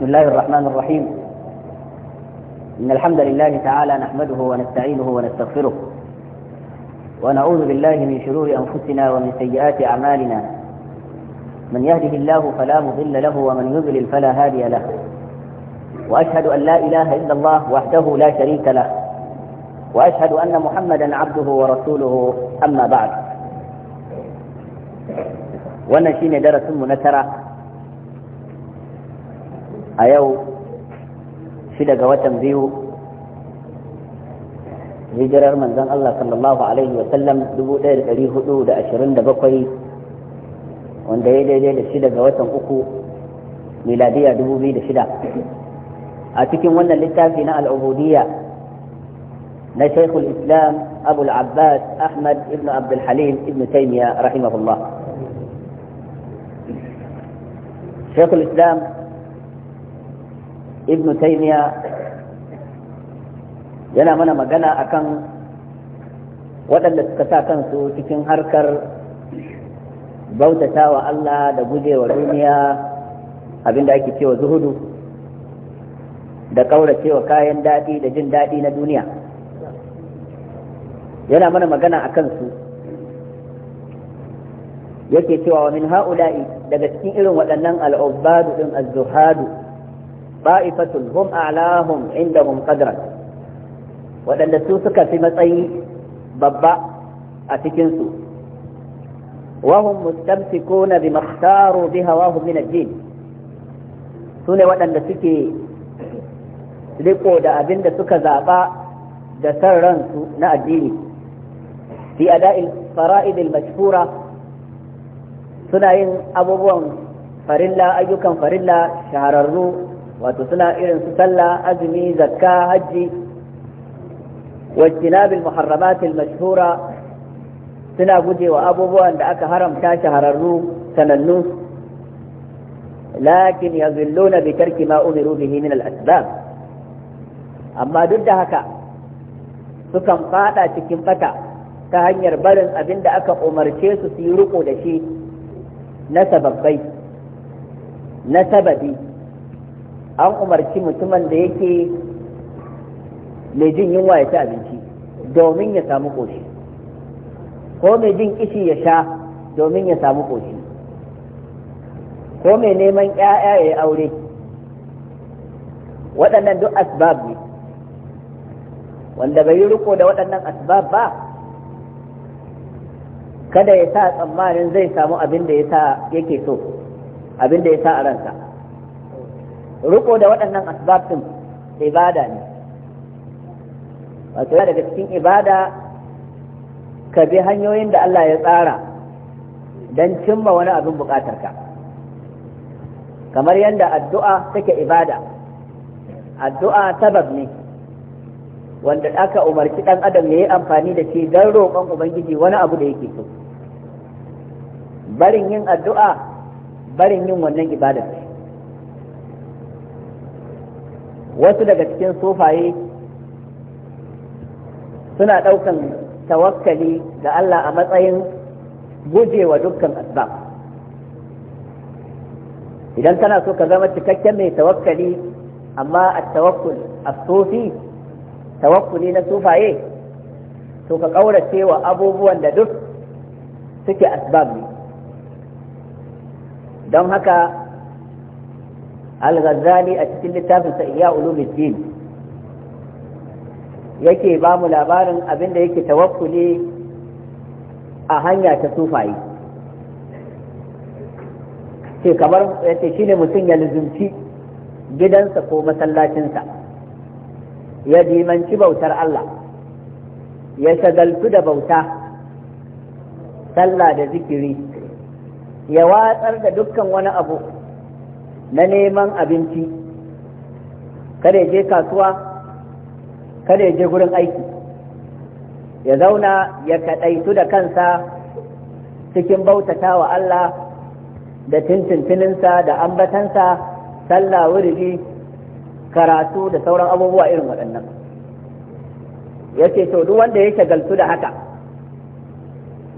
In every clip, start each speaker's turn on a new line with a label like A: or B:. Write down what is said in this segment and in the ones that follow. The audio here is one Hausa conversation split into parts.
A: بسم الله الرحمن الرحيم إن الحمد لله تعالى نحمده ونستعينه ونستغفره ونعوذ بالله من شرور أنفسنا ومن سيئات أعمالنا من يهده الله فلا مضل له ومن يضلل فلا هادي له وأشهد أن لا إله إلا الله وحده لا شريك له وأشهد أن محمدا عبده ورسوله أما بعد ونشين درس منترة a yau shi daga watan biyu hijirar manzon Allah sallallahu alaihi wa sallam 1427 wanda ya daidai da shi daga watan uku miladiya 2006 a cikin wannan littafi na al'ubudiyya na shaikhul islam abu al-abbas ahmad ibn abdulhalim ibn taymiya rahimahullah shaikhul islam ibn taimiya yana mana magana akan waɗanda suka sa kansu cikin harkar bautata wa Allah da gujewa duniya abinda ake cewa zuhudu da kauracewa kayan daɗi da jin daɗi na duniya yana mana magana a kansu yake cewa wa min ha'ula'i daga cikin irin waɗannan al'ubbadu ɗin az-zuhadu ba'ifatun hum a'lahum indahum qadran waɗanda su suka fi matsayi babba a cikinsu wahum mustamsikuna bi makhtaru bi hawahum min ad-din su waɗanda suke riko da abinda suka zaɓa da san ransu na addini fi ada'il fara'id al suna yin abubuwan farilla ayyukan farilla shahararru wato suna irin su sallah azumi zakka hajji wajtinab al-muharramat mashhura suna gujewa abubuwan da aka haramta shahararru sanannu lakin yazilluna bi tarki ma umiru bihi min al-asbab amma duk da haka sukan fada cikin bata ta hanyar barin abin da aka umarce su su yi riko da shi na sababbai na sababi an umarci mutumin da yake mai jin yunwa ya ci abinci domin ya samu ƙoshi ko mai jin kishi ya sha domin ya samu ƙoshi ko mai neman ‘ya'ya ya yi aure waɗannan duk asbab ne wanda bai yi riko da waɗannan asbab ba kada ya sa tsammanin zai samu abin da ya yake so abin da ya sa a ransa riko da waɗannan asibatin ibada ne wato daga cikin ibada ka bi hanyoyin da Allah ya tsara don cimma wani abin bukatarka kamar yadda addu'a take ibada addu'a sabab ne wanda aka umarci ɗan adam ya yi amfani da shi don roƙon ubangiji wani abu da yake so barin yin addu'a barin yin wannan ibadar wasu daga cikin sufaye suna ɗaukan tawakkali ga Allah a matsayin gujewa dukkan asbab idan kana so ka zama cikakken mai tawakkali amma a tawakkul a sufi tawakkuli na sufaye to ka ƙaurace wa abubuwan da duk suke asbab ne don haka al-ghazali a cikin littafin sa iya ulumuddin yake ba mu labarin abin da yake tawakkuli a hanya ta sufayi ce kamar yace shine mutum ya luzumci gidansa ko masallacinsa ya dimanci bautar Allah ya shagaltu da bauta sallah da zikiri ya watsar da dukkan wani abu na neman abinci kada ya je kasuwa kada ya je gurin aiki ya zauna ya kaɗaitu da kansa cikin bautata wa Allah da tintintininsa da ambatansa sallah wurigi karatu da sauran abubuwa irin waɗannan ya ce to duk wanda ya shagaltu da haka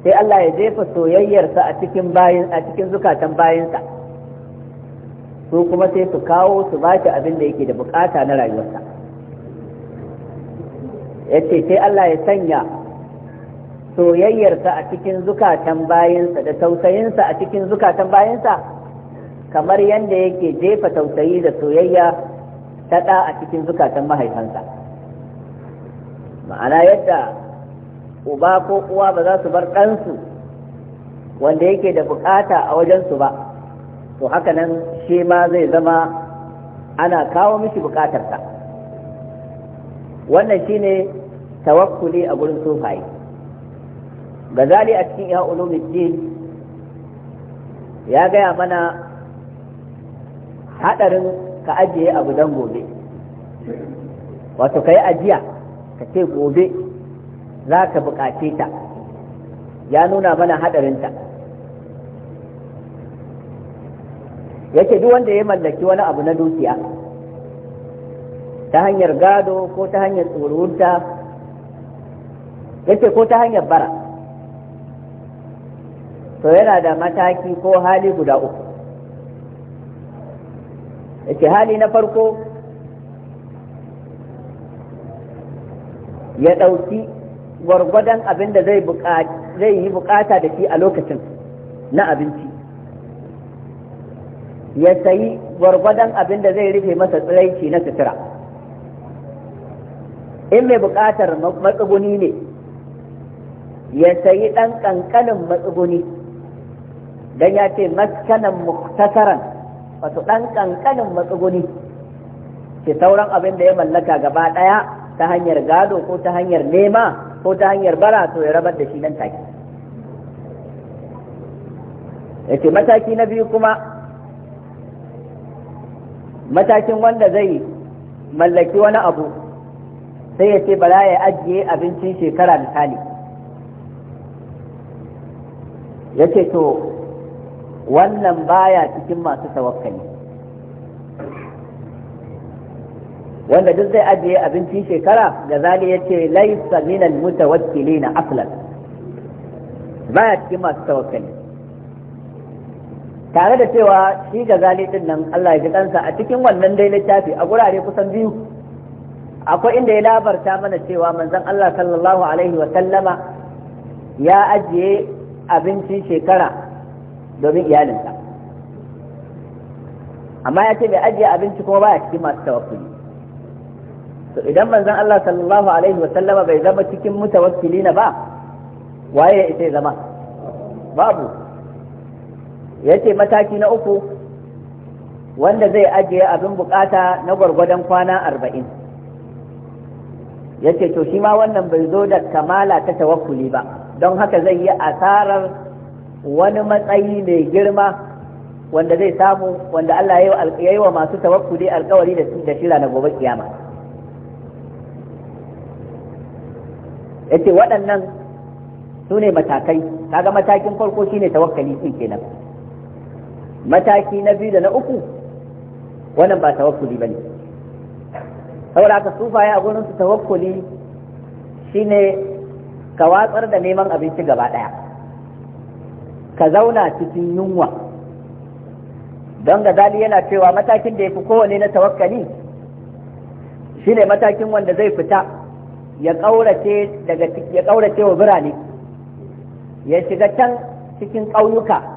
A: sai Allah ya jefa soyayyarsa a cikin bayin a cikin zukatan bayinsa su kuma sai su kawo su ba shi abin da yake da bukata na rayuwarsa ya ce sai Allah ya sanya soyayyarsa a cikin zukatan bayansa da tausayinsa a cikin zukatan bayansa kamar yadda yake jefa tausayi da soyayya ta ɗa a cikin zukatan mahaifansa ma'ana yadda uba ko uwa ba za su bar ɗansu wanda yake da bukata a wajensu ba to haka nan shi ma zai zama ana kawo mishi bukatarsa wannan shine tawakkuli a gurin sufaye gazali a cikin ya ulumuddin ya gaya mana hadarin ka ajiye abu don gobe wato ka yi ajiya ka ce gobe za ka bukace ta ya nuna mana hadarinta yake duk wanda ya mallaki wani abu na dukiya ta hanyar gado ko ta hanyar tsoronta yace ko ta hanyar bara to yana da mataki ko hali guda uku yace hali na farko ya ɗauki gwargwadon abin da zai yi bukata da shi a lokacin na abinci ya sayi gwargwadon abin da zai rufe masa tsiraici na sutura in mai buƙatar matsuguni ne ya sayi ɗan ƙanƙanin matsuguni don ya ce maskanan muktasaran wato ɗan ƙanƙanin matsuguni ce sauran abin da ya mallaka gaba ɗaya ta hanyar gado ko ta hanyar nema ko ta hanyar bara to ya rabar da shi nan take ya ce mataki na biyu kuma matakin wanda zai mallaki wani abu sai ya ce bala ya ajiye abincin shekara misali ya ce to wannan baya cikin masu tawakkali wanda duk zai ajiye abincin shekara da zali ya ce laisa minal na aflan baya cikin masu tawakkali tare da cewa shi ga zali din nan Allah ya ji kansa a cikin wannan dai littafi a gurare kusan biyu akwai inda ya labarta mana cewa manzon Allah sallallahu alaihi wa sallama ya ajiye abinci shekara domin iyalinsa amma ya ce bai ajiye abinci kuma baya cikin masu tawakkuli to idan manzon Allah sallallahu alaihi wa sallama bai zama cikin mutawakkilina ba waye ya ita zama babu yace mataki na uku wanda zai ajiye abin bukata na gwargwadon kwana arba'in yace to shi ma wannan bai zo da kamala ta tawakkuli ba don haka zai yi asarar wani matsayi mai girma wanda zai samu wanda Allah ya yi wa masu tawakkuli alkawari da shira na gobe kiyama yace waɗannan su ne matakai kaga matakin farko ne tawakkali shi kenan mataki na biyu da na uku wannan ba tawakkuli bane saboda haka sufaye a gurin su tawakkuli shine ka watsar da neman abinci gaba ɗaya. ka zauna cikin yunwa don gazali yana cewa matakin da ya fi kowane na tawakkali shine matakin wanda zai fita ya ƙaurace wa birane ya shiga can cikin ƙauyuka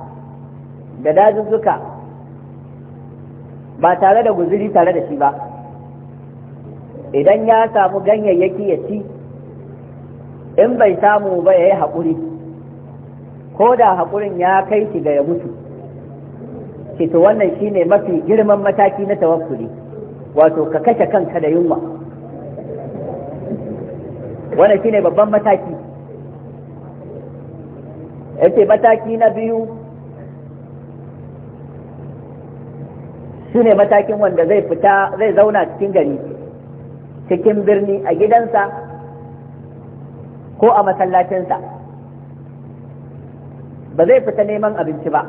A: da dazuzzuka ba tare da guzuri tare da shi ba idan ya samu ganyayyaki ya ci in bai samu ba ya yi haƙuri ko da haƙurin ya kai shi ga ya mutu ce to wannan shine mafi girman mataki na tawakkuli wato ka kashe kanka da yunwa wannan shine babban mataki ce mataki na biyu su ne matakin wanda zai fita zai zauna cikin gari cikin birni a gidansa ko a masallacinsa ba zai fita neman abinci ba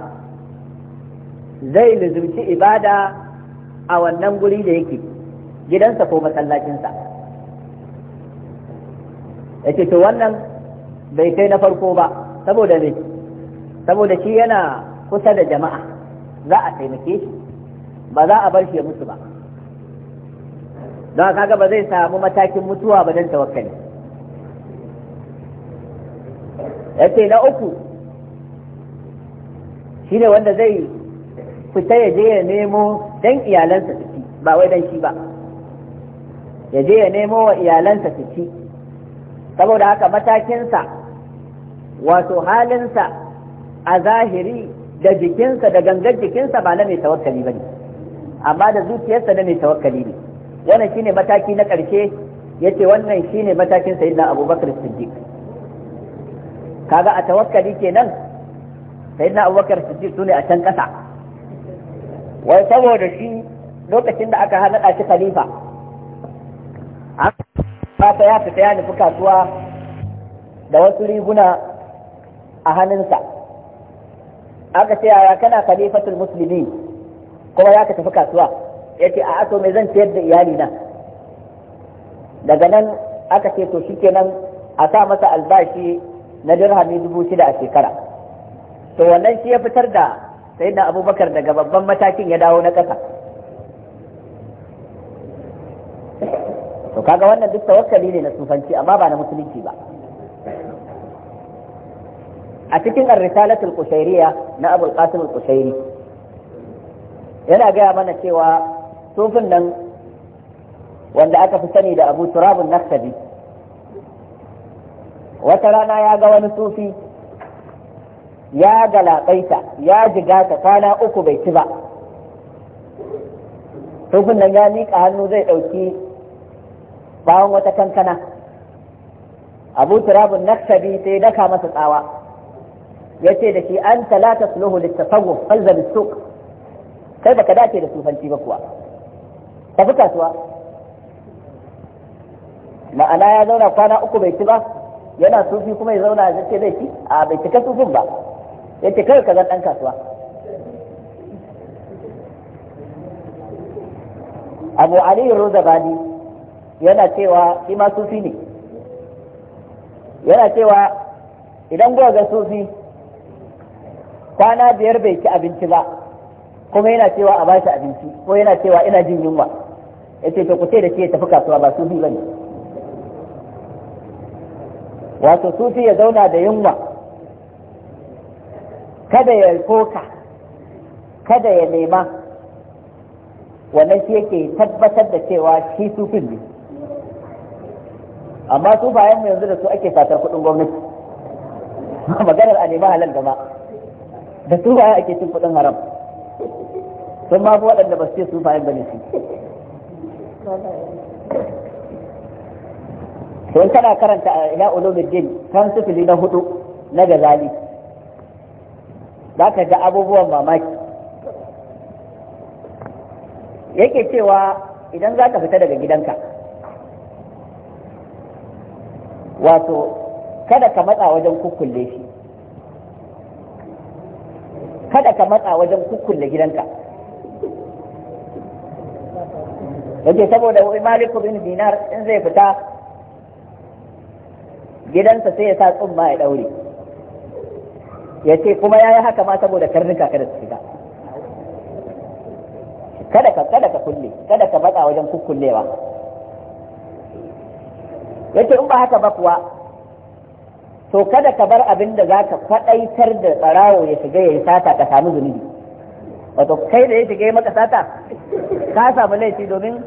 A: zai lizurci ibada a wannan guri da yake gidansa ko masallacinsa ya ce to wannan bai kai na farko ba saboda ne saboda shi yana kusa da jama'a za a taimake shi ba za a bar shi ya mutu ba don kaga ba zai samu matakin mutuwa ba don tawakkali ce na uku shi ne wanda zai fita ya je ya nemo dan iyalansa su ci ba wai dan shi ba ya je ya nemo wa iyalansa su ci saboda haka matakinsa wato halinsa a zahiri da jikinsa da gangar jikinsa ba na mai tawakkali ba ne amma da zuciyarsa da mai tawakkali ne wannan shine mataki na ƙarshe yace wannan shine matakin sayyidina abubakar siddiq kaga a tawakkali kenan sayyidina abubakar siddiq sune a can ƙasa wai saboda shi lokacin da aka hana shi khalifa fata ya fita ya nufi kasuwa da wasu riguna a hannunsa aka ce yaya kana khalifatul musulmi kuma ya ka tafi kasuwa ya ce a aso mai zan ciyar da iyali na daga nan aka ce to shikenan a sa masa albashi na dirhami dubu shida a shekara to wannan shi ya fitar da sai na abubakar daga babban matakin ya dawo na kasa. to kaga wannan duk tawakkali ne na sufanci amma ba na musulunci ba a cikin ar-risalatul na abul qasim al-qushairi yana gaya mana cewa sufin nan wanda aka fi sani da abu turabun naktabi wata rana ya ga wani sufi ya galaƙaita ya jigata kwana uku bai ci ba sufin nan ya miƙa hannu zai ɗauki bawon wata kankana abu turabun naktabi sai daka masa tsawa ya ce da shi an talata suluhu littafagwa falzabi suka kai baka dace da sufanci ba kuwa tafi kasuwa ma'ana ya zauna kwana uku bai ci ba yana sufi kuma ya zauna ya ce zai ci a bai cika sufin ba ya ce kai ka zan ɗan kasuwa abu aliyu Bani yana cewa shi ma sufi ne yana cewa idan kuka ga sufi kwana biyar bai ci abinci ba kuma yana cewa a bashi abinci ko yana cewa ina jin yunwa ya to ku ce da ke tafi kasuwa ba sufi ne wato sufi ya zauna da yunwa kada ya koka kada ya nema wannan shi yake tabbatar da cewa shi sufin ne amma sufayen mu yanzu da su ake fatar kudin gwamnati maganar a nema halal gama da sufaye ake cin kudin haram sun ba fi waɗanda ba su ce sufayen ba ne su sai kana karanta a eh, ila ulumuddin kan sifili na hudu na gazali za ka ga abubuwan mamaki yake cewa idan za ka fita daga gidanka wato kada ka matsa wajen kukulle shi kada ka matsa wajen kukulle gidanka yace saboda wai Malik bin Dinar in zai fita gidansa sai ya sa tsumma ya daure yace kuma ya yi haka ma saboda karnuka kada su fita kada ka kada ka kulle kada ka batsa wajen kukkullewa yace in ba haka ba kuwa to kada ka bar abin da za ka faɗaitar da ɓarawo ya shiga ya yi sata ka samu zunubi wato kai da ya shiga ya maka sata ka samu laifi domin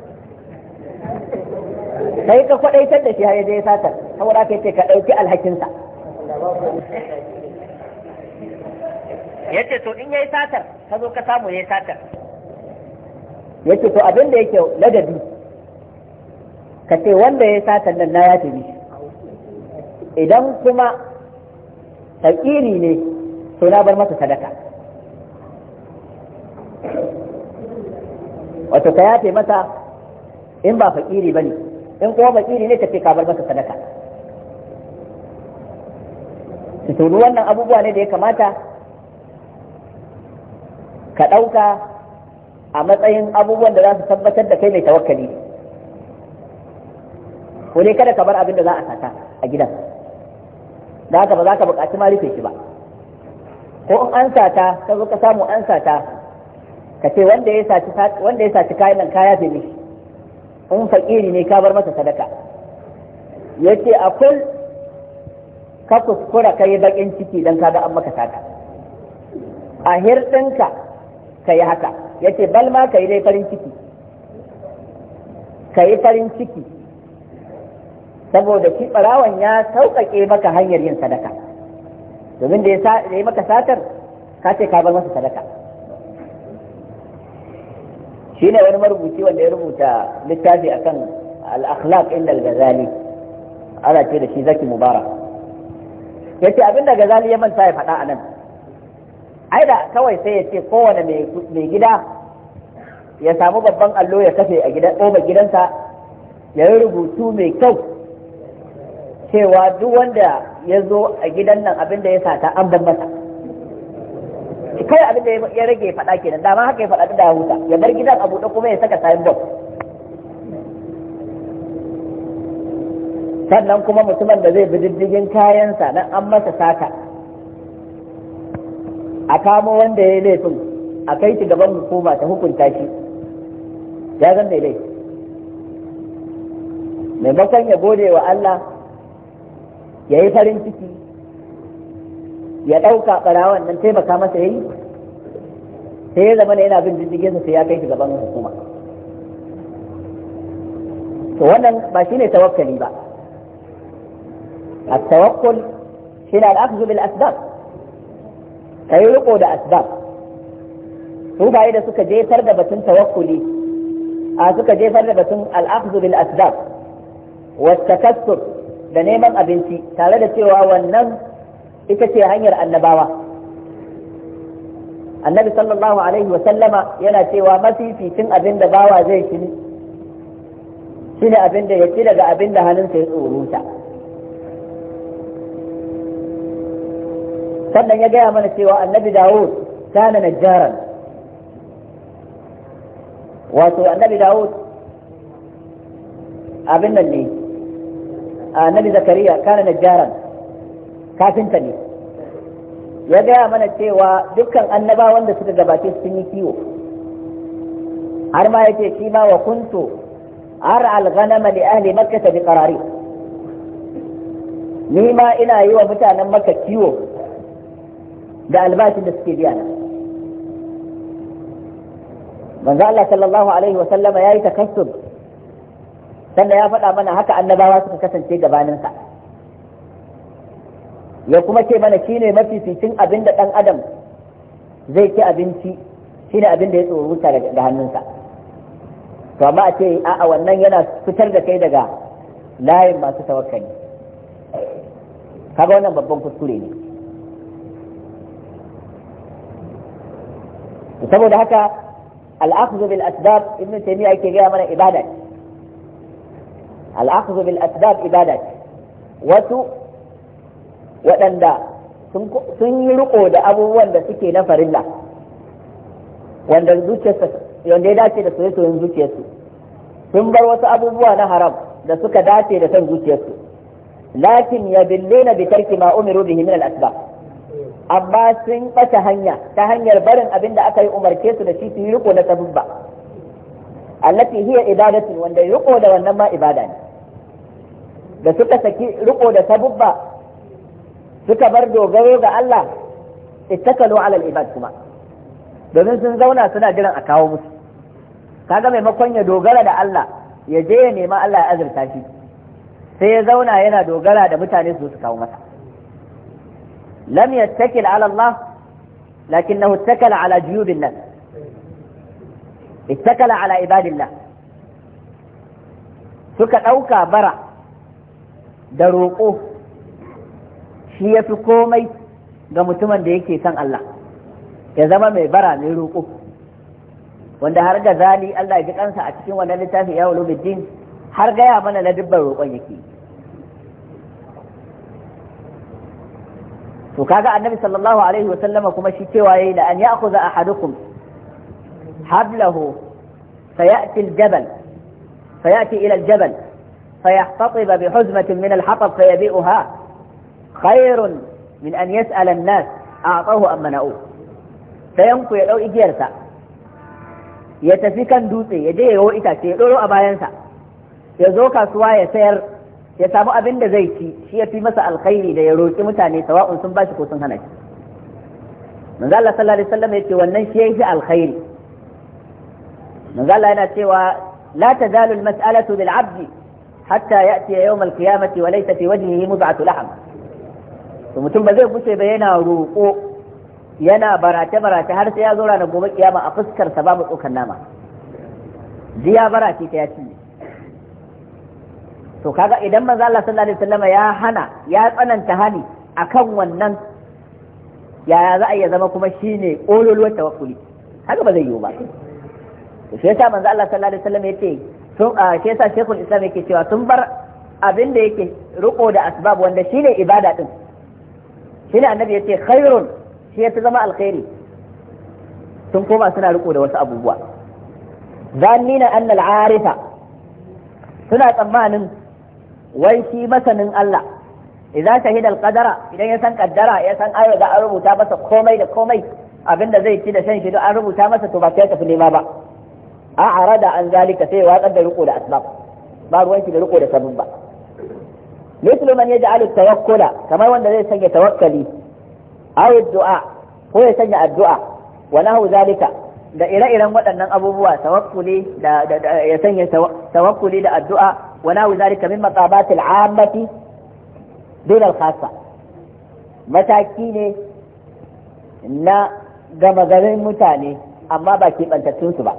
A: kai ka kwadaitar da shi har yaje ya satar saboda kai ce ka dauki alhakinsa yace to in yayi satar ka zo ka samu yayi satar yace to abin da yake ladabi ka ce wanda ya satar nan na ya tafi idan kuma fakiri ne to na bar masa sadaka wato ka yafe masa in ba fakiri bane in kuma fakiri ne tafi ka bar masa sadaka su wannan abubuwa ne da ya kamata ka ɗauka a matsayin abubuwan da za su tabbatar da kai mai tawakkali ko ne kada ka bar abin da za a sata a gidan da haka ba za ka buƙaci ma rufe shi ba ko in an sata ka zo ka samu an sata ka ce wanda ya saci kayan nan kaya fi mishi in faƙiri ne ka bar masa sadaka yace akul ka kuskura kai bakin ciki dan kaga an maka saka a hirɗinka ka yi haka yace bal ma ka yi dai farin ciki ka yi farin ciki saboda shi barawan ya sauƙaƙe maka hanyar yin sadaka domin da ya yi maka satar ka ce ka bar masa sadaka shi ne wani marubuci wanda ya rubuta littafi akan kan in inda al ana ce da shi zaki mubarak yace abinda gazali ya manta ya faɗa anan ai da kawai sai ya ce kowane mai gida ya samu babban allo ya kafe a gidan ƙofar gidansa ya yi rubutu mai kyau cewa duk wanda ya zo a gidan nan abinda ya sata an ban masa kai abin da ya rage faɗa faɗa kenan dama haka ya faɗa da ya huta ya bar gidan a buɗe kuma ya saka sayan bau sannan kuma mutumin da zai bi diddigin kayansa dan an masa saka a kamo wanda ya yi laifin a kai shi gaban hukuma ta hukunta shi ya zan mai maimakon ya gode wa Allah ya yi farin ciki ya ɗauka ɓarawan nan taimaka masa ya yi sai ya zama yana bin diddigin sai ya kai shi gaban hukuma to wannan ba shine tawakkali ba at-tawakkul shine al-akhdhu bil asbab kai riko da asbab su baye da suka jefar da batun tawakkuli a suka jefar da batun al-akhdhu bil asbab wa takassur da neman abinci tare da cewa wannan ita ce hanyar annabawa annabi sallallahu alaihi wa sallama yana cewa mafificin abin da bawa zai ci shine abin da ya ci daga abin da hannunsa ya tsoruta sannan ya gaya mana cewa annabi dawud kana najjaran wato annabi dawud abin nan ne annabi zakariya kana najjaran kafinta ne ya gaya mana cewa dukkan annabawan da suka gabace sun yi kiwo har ma yake shi ma wa kuntu ar al-ghanama li ahli makkah bi qarari ni ma ina yi wa mutanen makka kiwo da albashin da suke biya manzo Allah sallallahu alaihi wa sallama yayi takassub sannan ya faɗa mana haka annabawa suka kasance gabanin sa ya kuma ce mana shine mafificin abin da dan adam zai ci abinci shine abin da ya tsoruta da hannunsa to amma a ce a'a wannan yana fitar da kai daga layin masu tawakkali kaga wannan babban kuskure ne saboda haka al'akhdhu bil asbab ibn taymiya yake gaya mana ibada al'akhdhu bil asbab ibada wasu waɗanda sun yi riko da abubuwan da suke na farilla wanda zuciyarsa wanda ya dace da soyayyen zuciyarsu sun bar wasu abubuwa na haram da suka dace da son zuciyarsu lakin ya na bi tarki ma umiru bihi min al-asbab amma sun bata hanya ta hanyar barin abin da aka yi umarce su da shi su yi riko na sabubba allati hiya ibadatu wanda riko da wannan ma ibada ne da suka saki riko da sabubba suka bar dogaro ga Allah ittakalu ala al-ibad kuma domin sun zauna suna jiran a kawo musu kaga maimakon ya dogara da Allah ya je ya nema Allah ya azurta shi sai ya zauna yana dogara da mutane su su kawo masa lam yattakil ala Allah lakinnahu ittakala ala juyubin nas ittakala ala ibadillah suka dauka bara da roƙo shi ya fi komai ga mutumin da yake san Allah ya zama mai bara mai roƙo wanda har ga zali Allah ya ji kansa a cikin wannan littafi ya wulu bidin har gaya mana na dubban roƙon yake to kaga annabi sallallahu alaihi wasallama kuma shi cewa yayi la an ya'khudha ahadukum hablahu fayati aljabal jabal fayati ila aljabal fayahtatib فيحتطب بحزمة من الحطب فيبيئها khairun min an yas'ala an-nas a'tahu mana'u sayan ya dau igiyarsa ya tafi kan dutse ya je ya yawo itace ya doro a bayansa ya zo kasuwa ya sayar ya samu abin da zai ci shi ya fi masa alkhairi da ya roƙi mutane sawa'un sun bashi ko sun hana shi Allah sallallahu alaihi wasallam yace wannan shi yafi alkhairi manzo Allah yana cewa la tazalu almas'alatu bil 'abdi hatta ya'ti yawm al-qiyamati wa laysa fi wajhihi a lahm to mutum ba zai guce ba yana roƙo yana barace barace har sai ya zo ranar gobe kiyama a fuskar sa babu tsokar nama ji ya barace ta ya ci to kaga idan manzo Allah sallallahu alaihi wasallam ya hana ya tsananta hani akan wannan yaya za a iya zama kuma shine kololuwar tawakkuli haka ba zai yiwu ba to sai yasa manzo Allah sallallahu alaihi wasallam yace tun a sai sa shekul Islam yake cewa tun bar abin da yake riko da asbab wanda shine ibada din shine annabi yace khairun shi ya zama alkhairi sun koma suna riko da wasu abubuwa zannina anna al-arifa suna tsammanin wai shi masanin Allah idan shahid al-qadara idan ya san kaddara ya san ayo da an rubuta masa komai da komai abinda zai ci da shan shi an rubuta masa to ba sai tafi nema ba a arada an zalika sai ya watsar da riko da asbab ba ruwan shi da riko da sabin ba mislu man yaj'alu tawakkula kamar wanda zai sanya tawakkali aw du'a ko ya sanya addu'a wa nahu zalika da ire-iren waɗannan abubuwa tawakkuli da ya sanya tawakkuli da addu'a wa nahu zalika min maqabatil 'ammati dun al-khassa mataki ne na gama garin mutane amma ba ke bantattunsu ba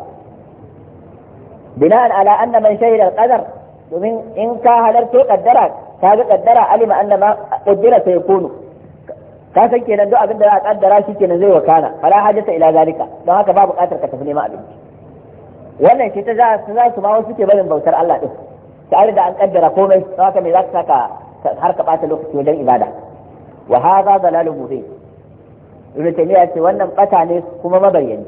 A: bina'an ala anna man shahidar kadar qadar domin in ka halarto kaddara Ta kaga kaddara alima anna ma qaddara sayakunu ka san kenan duk abin da za a kaddara shi kenan zai wakana fala hajata ila zalika don haka ba buƙatar ka tafi neman abinci wannan shi ta za su ma wasu ke barin bautar Allah din tare da an kaddara komai don haka me za ka saka har ka bata lokaci wajen ibada wa hadha dalalun mubin ibn taymiya ce wannan bata ne kuma mabayyani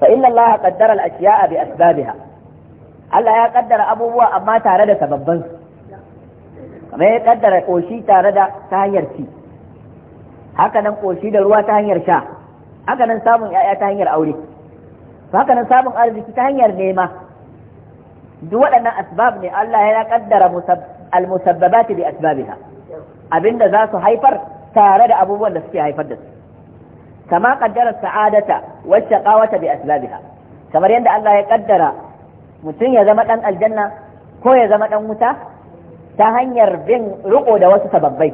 A: fa inna Allah qaddara al-ashya'a bi asbabiha Allah ya kaddara abubuwa amma tare da sababbansu me ya kaddara koshi tare da ta hanyar ci haka nan koshi da ruwa ta hanyar sha haka nan samun ya'ya ta hanyar aure haka nan samun arziki ta hanyar nema duk waɗannan asbab ne Allah ya kaddara al-musabbabat bi asbabiha abinda za su haifar tare da abubuwan da suke haifar da su kama kaddara sa'adata wa shaqawata bi asbabiha kamar yadda Allah ya kaddara mutum ya zama dan aljanna ko ya zama dan wuta ta hanyar bin riko da wasu sababbai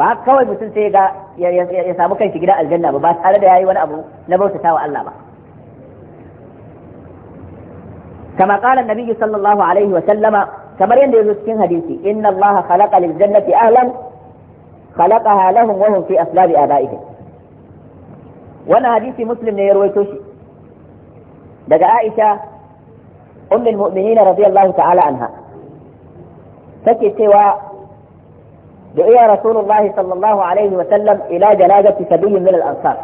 A: ba kawai mutum sai ga ya samu kanshi gidan aljanna ba ba tare da yayi wani abu na bautata wa Allah ba kama qala annabi sallallahu alaihi wa sallama kamar yadda yazo cikin hadisi inna Allah khalaqa lil jannati ahlan khalaqaha lahum wa hum fi aslabi abaihim wannan hadisi muslim ne ya rawaito shi daga Aisha ummul mu'minin radiyallahu ta'ala anha take cewa دعي رسول الله صلى الله عليه وسلم إلى جنازة سبي من الأنصار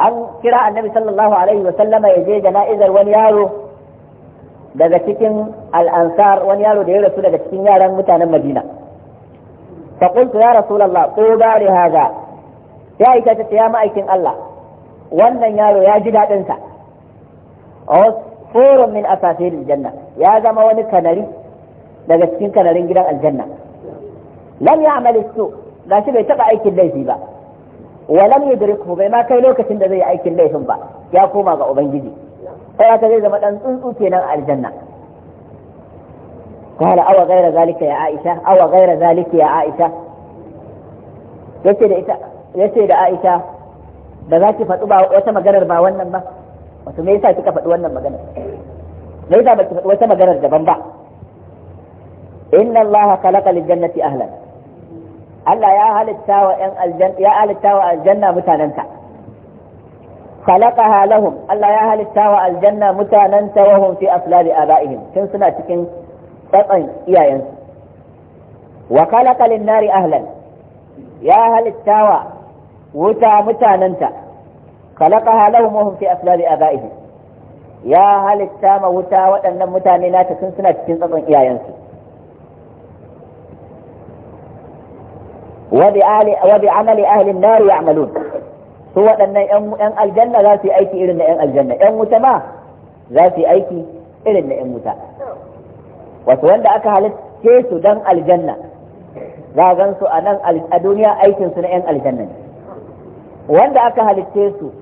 A: an kira annabi sallallahu alaihi wa sallama ya je jana'izar wani yaro daga cikin al-Ansar wani yaro da ya rasu daga cikin yaran mutanen madina fa qultu ya rasulullah ko bari haza ya aika ta ya ma'aikin Allah wannan yaro ya ji dadin sa usfurun min asafiril janna ya zama wani kanari daga cikin kanarin gidan aljanna lam ya'mal su shi bai taɓa aikin laifi ba wa lam yudrikhu bai ma kai lokacin da zai yi aikin laifin ba ya koma ga ubangiji sai haka zai zama dan tsuntsu kenan aljanna قال أو غير ذلك يا عائشة أو غير ذلك يا عائشة yace da Aisha da za ki faɗi wata maganar ba wannan ba wato me yasa kika faɗi wannan maganar me yasa ba ki faɗi wata maganar daban ba inna allaha khalaqa lil jannati ahlan Allah ya halitta wa aljanna mutananta wa aljanna fi aslabi abaihim tun suna cikin tsatsan iyayensu wa khalaqa lin nari ahlan ya halitta wa wuta mutananta khalaqaha lahum wa hum fi aslabi abaihim ya halitta ma wuta waɗannan mutane nata tun suna cikin tsatsan iyayensu وبعمل أهل النار يعملون su waɗannan 'yan aljanna za su yi aiki irin na 'yan aljanna 'yan wuta ma za su yi aiki irin na 'yan wuta wasu wanda aka halitta su don aljanna za a gan su a a duniya aikinsu na 'yan aljanna wanda aka halitta su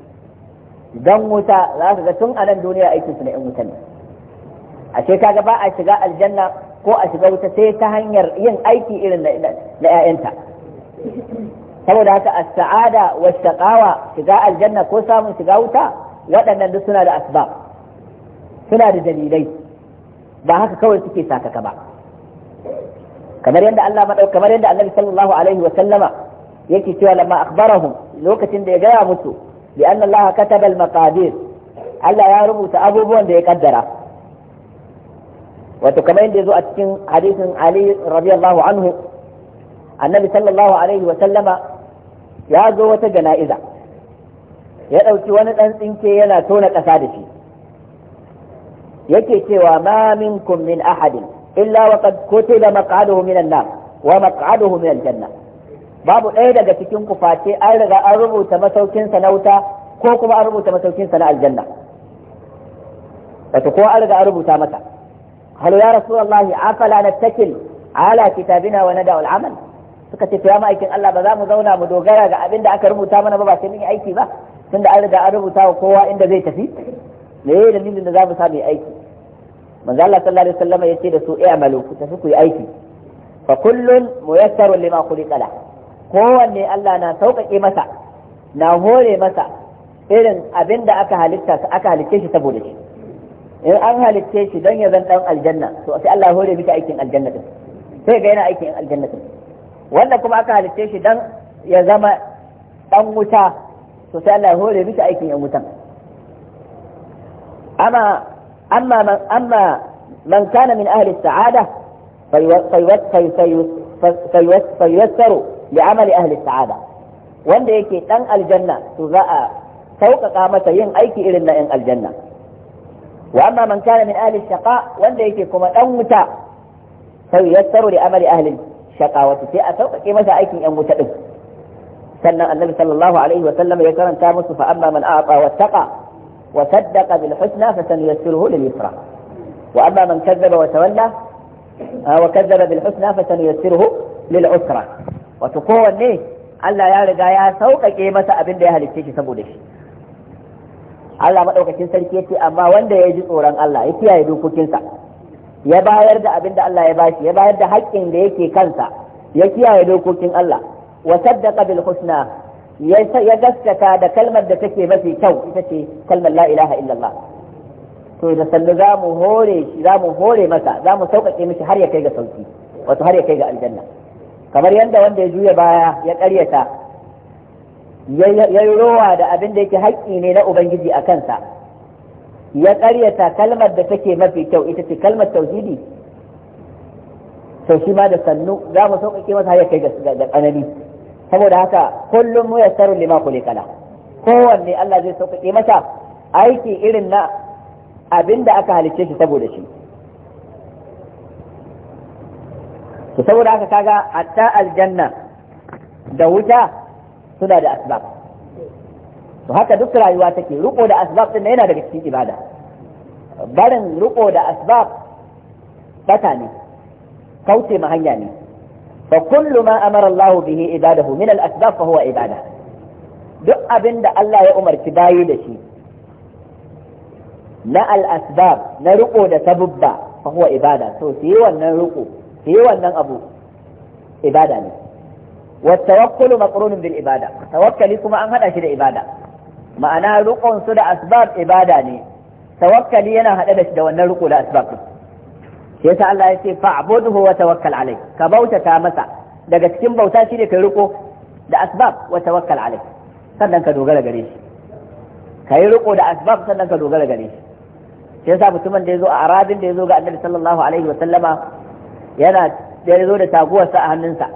A: don wuta za su ga tun a nan duniya aikinsu na 'yan wuta ne ashe kaga ba a shiga aljanna ko a shiga wuta sai ta hanyar yin aiki irin na 'ya'yanta saboda haka as-sa'ada wa shaqawa shiga aljanna ko samun shiga wuta waɗannan duk suna da asbab suna da dalilai ba haka kawai suke sakaka ba kamar yadda Allah kamar yadda Annabi sallallahu alaihi wa sallama yake cewa lamma akhbarahum lokacin da ya gaya musu bi anna Allah kataba al-maqadir Allah ya rubuta abubuwan da ya kaddara wato kamar yadda zo a cikin hadisin Ali radiyallahu anhu annabi sallallahu alaihi wa sallama ya zo wata jana'iza ya ɗauki wani ɗan tsinke yana tona ƙasa da shi yake cewa ma minkum min ahadin illa wa qad kutiba maq'aduhu min an-nar wa maq'aduhu min al-janna babu ɗaya daga cikin ku face an riga an rubuta masaukin sa na wuta ko kuma an rubuta masaukin sa na aljanna wato ko an riga an rubuta mata halu ya rasulullahi afala nattakil ala kitabina wa nada'u al-amal suka ce to ya ma'aikin Allah ba za mu zauna mu dogara ga abin da aka rubuta mana ba ba sai mun yi aiki ba tunda an riga an rubuta wa kowa inda zai tafi me yayi dalilin da za mu samu aiki manzo Allah sallallahu alaihi wasallam yace da su i'malu eh, ku tafi ku yi aiki fa kullun muyassarun lima khuliqa la kowanne Allah na sauƙaƙe masa na hore masa irin abin da aka halitta su aka halicce shi saboda shi in an halicce shi don ya zan dan aljanna to sai Allah ya hore miki aikin aljanna din sai ga yana aikin aljanna din wanda kuma aka halitte shi dan ya zama dan wuta to sai Allah ya hore mishi aikin yan wutan amma amma man amma man kana min ahli sa'ada fayyassaru li amali ahli sa'ada wanda yake dan aljanna to za a sauƙaƙa mata yin aiki irin na 'yan aljanna wa amma man kana min ahli shaqa wanda yake kuma dan wuta fayyassaru li amali ahli shaqawati sai a sauƙaƙe masa aikin yan wuta din sannan annabi sallallahu alaihi wa sallam ya karanta musu fa amma man aqa wa taqa wa saddaqa bil husna fa sanuyassiruhu lil yusra wa amma man kazzaba wa tawalla wa kazzaba bil husna fa sanuyassiruhu lil usra wa wato ne Allah ya riga ya sauƙaƙe masa abin da ya halicce shi saboda shi Allah madaukakin sarki yace amma wanda ya ji tsoron Allah ya kiyaye dokokinsa ya bayar da abin da Allah ya bashi ya bayar da haƙƙin da yake kansa ya kiyaye dokokin Allah wa saddaqa bil husna ya gaskata da kalmar da take mafi kyau ita ce kalmar la ilaha illallah to da sallu za mu hore shi za mu hore masa za mu sauƙaƙe mishi har ya kai ga sauki wato har ya kai ga aljanna kamar yadda wanda ya juya baya ya ƙaryata ya yi rowa da abin da yake haƙƙi ne na ubangiji a kansa ya karyata kalmar da take mafi kyau ita ce kalmar tauhidi to shi ma da sannu za mu sauƙaƙe masa har ya kai ga tsanani saboda haka kullum mu ya saru lima kuli kala kowanne Allah zai sauƙaƙe masa aiki irin na abin da aka halicce shi saboda shi saboda haka kaga hatta aljanna da wuta suna da asbab to haka duk rayuwa take riko da asbab din yana daga cikin ibada barin riko da asbab bata ne kauce ma hanya ne fa kullu ma amara Allah bihi ibadahu min al asbab fa huwa ibada duk abin da Allah ya umarci bayi da shi na al asbab na riko da sabubba fa huwa ibada to sai wannan riko sai wannan abu ibada ne والتوكل مقرون بالعبادة توكلي كما أن هذا شيء عبادة ma'ana rukun su da asbab ibada ne tawakkali yana haɗe da da wannan ruku da asbab shi yasa Allah ya ce fa'budhu wa tawakkal alai ka bautata masa daga cikin bauta shine kai ruko da asbab wa tawakkal alai sannan ka dogara gare shi kai ruko da asbab sannan ka dogara gare shi shi yasa mutumin da yazo a arabin da yazo ga Annabi sallallahu alaihi wa sallama yana da yazo da taguwarsa a hannunsa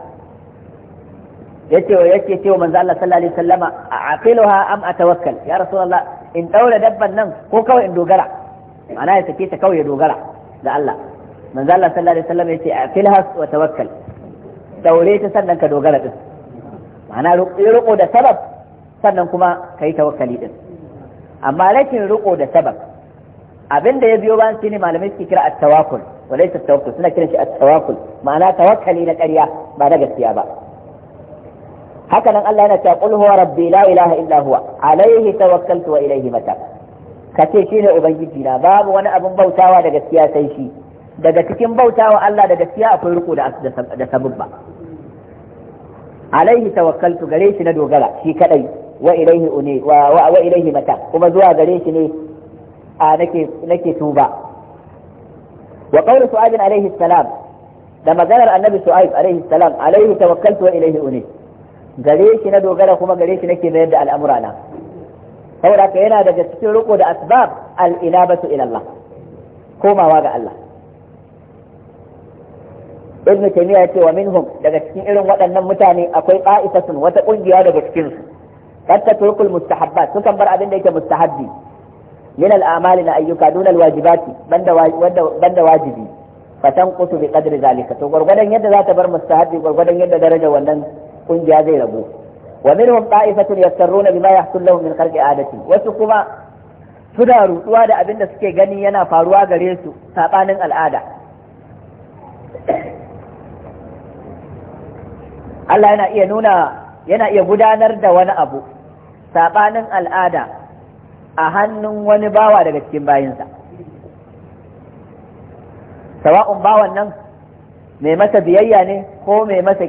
A: yace wa yake cewa manzo Allah sallallahu alaihi wasallama aqiluha am atawakkal ya rasulullah in daura dabban nan ko kawai in dogara ma'ana ya sake ta kawai ya dogara da Allah manzo Allah sallallahu alaihi wasallama yace aqilha wa tawakkal daure ta sannan ka dogara din ma'ana riko da sabab sannan kuma kai tawakkali din amma lakin riko da sabab abinda ya biyo bayan shine malamai suke kira at-tawakkul wa laysa at-tawakkul suna kiran shi at-tawakkul ma'ana tawakkali na ƙarya ba na gaskiya ba haka nan Allah yana cewa qul huwa rabbi la ilaha illa huwa alaihi tawakkaltu wa ilaihi mata kace shine ubangiji na babu wani abin bautawa da gaskiya sai shi daga cikin bautawa Allah da gaskiya akwai riko da da sababba alaihi tawakkaltu gare shi na dogara shi kadai wa ilaihi une wa wa ilaihi mata kuma zuwa gare shi ne a nake nake tuba wa qawlu su'ad alaihi salam da maganar annabi su'aib alaihi salam alayhi tawakkaltu wa ilaihi une gare shi na dogara kuma gare shi nake mayar da al'amura na saboda ka yana daga cikin riko da asbab al'inabatu ila Allah komawa ga Allah ibn taymiya yace wa minhum daga cikin irin waɗannan mutane akwai qa'ifatun wata kungiya daga cikin su katta turkul mustahabbat sukan bar abin da yake mustahabbi min al na ayyuka dun al-wajibati banda banda wajibi fatan tanqutu bi qadri zalika to gurgurdan yadda za ta bar mustahabbi gurgurdan yadda daraja wannan kungiya zai rabu wa minhum ta'ifatun yastarruna bima yahsul lahum min kharqi adati wasu kuma suna rutsuwa da abin da suke gani yana faruwa gare su sabanin al'ada Allah yana iya nuna yana iya gudanar da wani abu sabanin al'ada a hannun wani bawa daga cikin bayinsa sawa'un bawan nan mai masa biyayya ne ko mai masa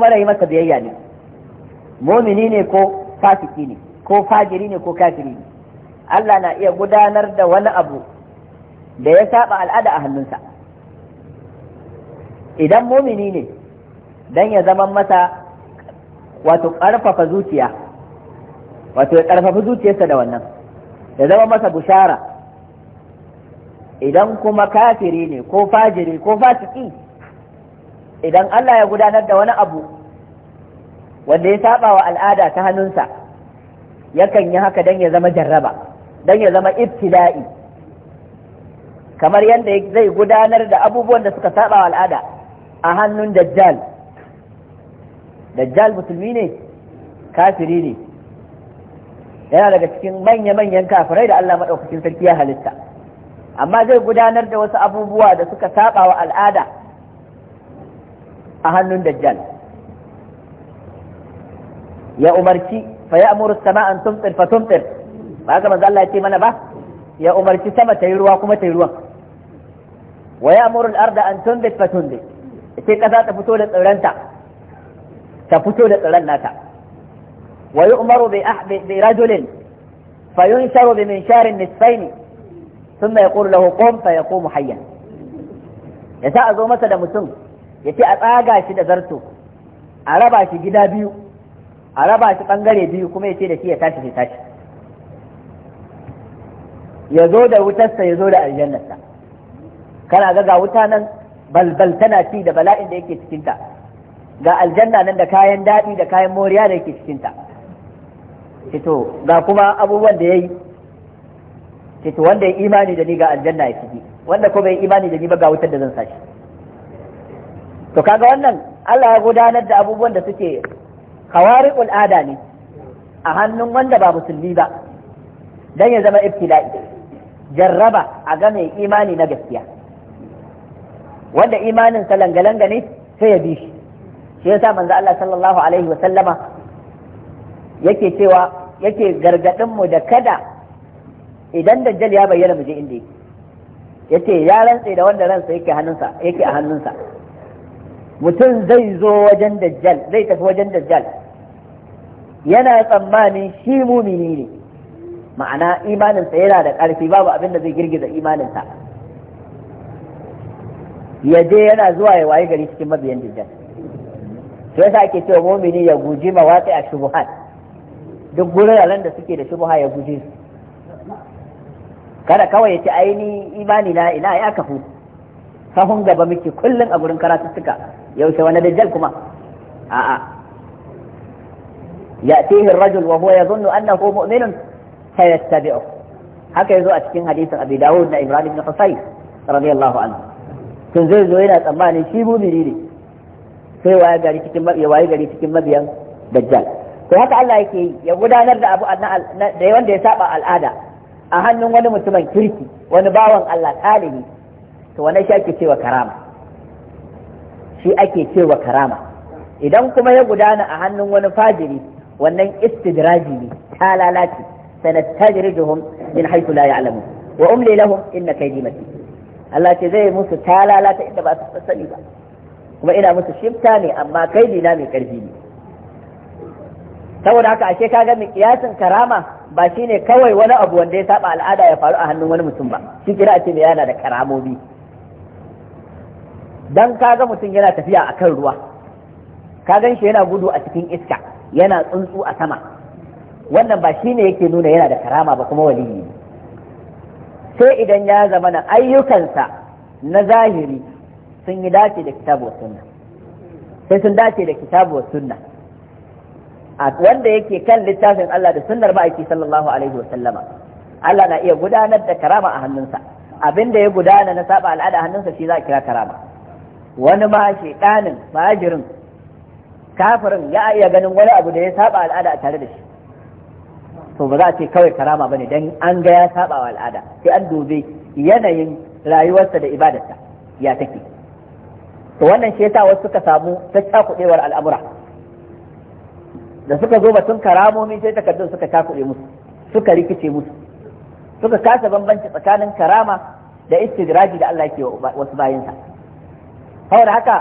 A: mara yi masa biyayya ne mumini ne ko fasiki ne ko fajiri ne ko kafiri ne Allah na iya gudanar da wani abu da ya saba al'ada a hannunsa idan mumini ne dan ya zama masa wato ƙarfafa zuciya wato ya ƙarfafa zuciyarsa da wannan ya zama masa bushara idan kuma kafiri ne ko fajiri ko fasiki idan Allah ya gudanar da wani abu wanda ya saba wa al'ada ta hannunsa yakan yi haka dan ya zama jarraba dan ya zama ibtila'i kamar yadda zai gudanar da abubuwan da suka saba wa al'ada a hannun dajjal dajjal musulmi ne kafiri ne yana daga cikin manya-manyan kafirai da Allah maɗaukakin sarki ya halitta amma zai gudanar da wasu abubuwa da suka saba wa al'ada a hannun dajjal ya umarci fa ya amuru sama an tumtir fa tumtir ba haka manzo Allah ya ce mana ba ya umarci sama ta yi ruwa kuma ta yi ruwa wa ya amuru al-arda an tunbit fa tunbit sai kasa ta fito da tsiranta ta fito da tsiran nata wa yu'maru bi ahbi bi rajulin fa yunsharu bi minsharin nisfaini ya yaqulu lahu qum ya yaqumu hayyan ya sa a zo masa da mutum ya ce a tsaga shi da zarto a raba shi gida biyu a raba shi bangare biyu kuma ya ce da shi ya tashi tashi ya zo da wutarsa ya zo da aljannarsa kana ga ga wuta nan balbal tana ci da bala'in da yake cikinta ga aljanna nan da kayan daɗi da kayan moriya da yake cikinta to ga kuma abubuwan da ya yi ce to wanda ya imani da ni ga aljanna ya ciki wanda ko bai imani da ni ba ga wutar da zan sashi to kaga wannan Allah ya gudanar da abubuwan da suke khawariqul ada ne a hannun wanda ba musulmi ba dan ya zama ibtila'i jarraba a ga mai imani na gaskiya wanda imanin sa langalanga ne sai ya bi shi shi yasa manzo Allah sallallahu alaihi wa sallama yake cewa yake gargadin mu da kada idan dajjal ya bayyana muje inda yake yace ya rantse da wanda ransa yake hannunsa yake a hannunsa mutum zai zo wajen dajjal zai tafi wajen dajjal yana tsammanin shi mumini ne ma'ana imaninsa yana da ƙarfi babu abin da zai girgiza imaninsa ya je yana zuwa ya waye gari cikin mabiyan dajjal to yasa ake cewa mumini ya guji mawatsi a shubuhat duk gurin da suke da shubuha ya guji su kada kawai ya ci aini imani na ina ya kafu sahun gaba muke kullum a gurin suka. yaushe wani dajjal kuma a'a Ya ar-rajul wa huwa yadhunnu annahu mu'minun fayattabi'u haka yazo a cikin hadisin Abi Dawud na Ibrahim ibn Husayn radiyallahu anhu tun zai zo yana tsammani shi mu'mini ne sai waye gari cikin ya waye gari cikin mabiyan dajjal Ko haka Allah yake ya gudanar da abu da wanda ya saba al'ada a hannun wani mutumin kirki wani bawan Allah talibi to wani shi ake cewa karama shi ake cewa karama idan kuma ya gudana a hannun wani fajiri wannan istidraji ne ta lalace sanastajrijuhum min haythu la ya'lamun wa umli lahum inna kaydi matin Allah ce zai musu ta lalata inda ba su sani ba kuma ina musu shifta ne amma kaidi na mai karfi ne saboda haka ashe kaga mai kiyasin karama ba shi ne kawai wani abu wanda ya saba al'ada ya faru a hannun wani mutum ba shi kira a ce mai yana da Don dan kaga mutum yana tafiya a kan ruwa ka gan shi yana gudu a cikin iska yana tsuntsu a sama wannan ba shi ne yake nuna yana da karama ba kuma waliyi sai idan ya zama na ayyukansa na zahiri sun yi dace da kitabu sunna sai sun dace da kitabu sunna wanda yake kan littafin Allah da sunnar ma'aiki sallallahu alaihi wa sallama Allah na iya gudanar da karama a hannunsa abin da ya gudana na saba al'ada hannunsa shi za a kira karama wani ma shedanin majirin kafirin ya iya ganin wani abu da ya saba al'ada a tare da shi to ba za a ce kawai karama bane dan an ga ya saba wa al'ada sai an dube yanayin rayuwarsa da ibadarsa ya take to wannan shi yasa wasu suka samu ta al'amura da suka zo batun karamomi sai takardun suka takuɗe musu suka rikice musu suka kasa bambanci tsakanin karama da istidraji da Allah ke wasu bayansa saboda haka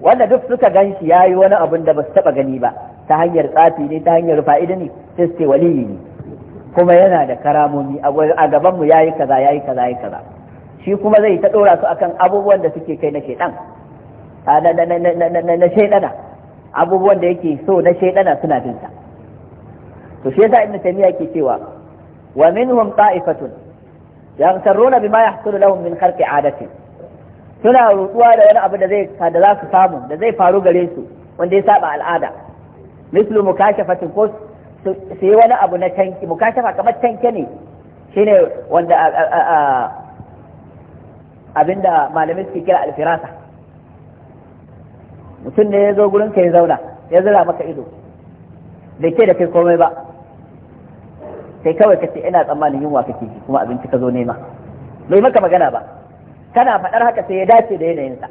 A: wanda duk suka ganshi shi ya wani abin da ba su taɓa gani ba ta hanyar tsafi ne ta hanyar fa'ida ne sai su ce waliyi ne kuma yana da karamomi a gaban mu yayi kaza ya kaza ya kaza shi kuma zai ta dora su akan abubuwan da suke kai na shaidan na na abubuwan da yake so na shaidana suna bin sa to shi yasa ibnu taymiya yake cewa wa minhum qa'ifatun yamtaruna bima yahsulu lahum min kharqi adatin suna rutuwa da wani abu da zai da za su samu da zai faru gare su wanda ya saba al'ada mislu mukashafatin ko su yi wani abu na tanki mukashafa kamar tanke ne shine wanda abinda malamai suke kira alfirasa mutum ne ya zo gurin ka ya zauna ya zira maka ido bai ke da kai komai ba sai kawai ka ce ina tsammanin yunwa kake ji kuma abinci ka zo nema bai maka magana ba kana faɗar haka sai ya dace da yanayinsa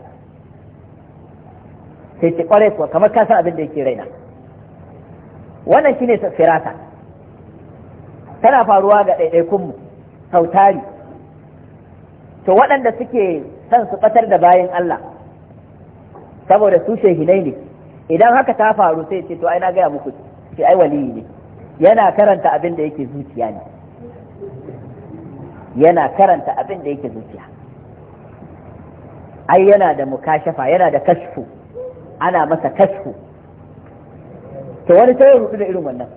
A: sai ce kwarai kuwa kamar ka san abin da yake raina wannan shine firata tana faruwa ga ɗaiɗaikunmu sautari to waɗanda suke son su ɓatar da bayan Allah saboda su shehinai ne idan haka ta faru sai ce to ai na gaya muku sai ai waliyi ne yana karanta abin da yake zuciya ne yana karanta abin da yake zuciya ai yana da mukashafa yana da kashfu ana masa kashfu to wani sai ya rudu da irin wannan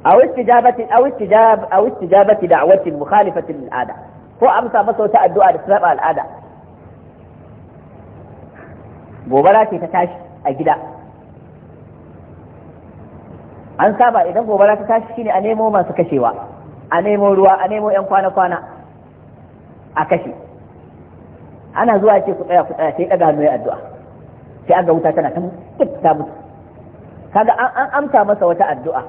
A: أو استجابة أو استجاب أو استجابة al'ada, ko amsa masa wata addu'a da لسبب al'ada. gobara ce ta tashi a gida an saba idan gobara ta tashi shine a nemo masu kashewa a nemo ruwa a nemo yan kwana-kwana a kashe ana zuwa ce ku tsaya ku tsaya sai daga hannu addu'a sai an ga wuta tana ta mutu ta mutu kaga an amsa masa wata addu'a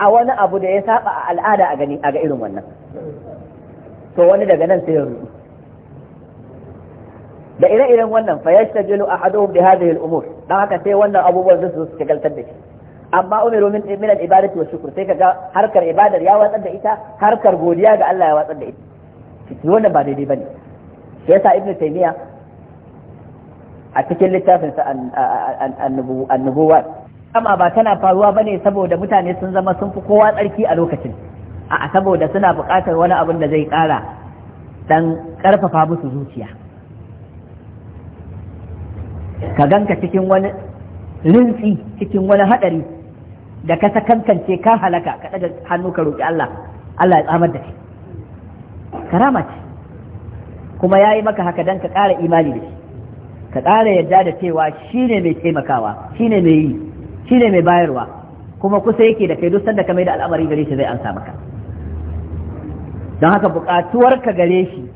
A: a wani abu da ya saba a al'ada a gani a ga irin wannan to wani daga nan sai ya rubu da ire-iren wannan fa yastajilu a Ado hadhihi al-umur dan haka sai wannan abubuwan su suke galtar da shi amma umiru min min al-ibadati wa shukr sai kaga harkar ibadar ya watsar da ita harkar godiya ga Allah ya watsar da ita wannan ba daidai bane shi yasa ibnu taymiya a cikin littafin sa an-nubuwat amma ba tana faruwa bane saboda mutane sun zama sun fi kowa tsarki a lokacin a saboda suna buƙatar wani abin da zai ƙara dan ƙarfafa musu zuciya ka ganka cikin wani rintsi cikin wani hadari da ka sakankance ka halaka ka daga hannu ka roƙi Allah Allah ya tsamar da kai karama ce kuma ya yi maka haka don ka ƙara imani da shi ka ƙara yadda da cewa shi ne mai taimakawa shi ne mai yi shi ne mai bayarwa kuma kusa yake da kai duk sanda ka mai da al'amari gare shi zai ansa maka don haka buƙatuwar ka gare shi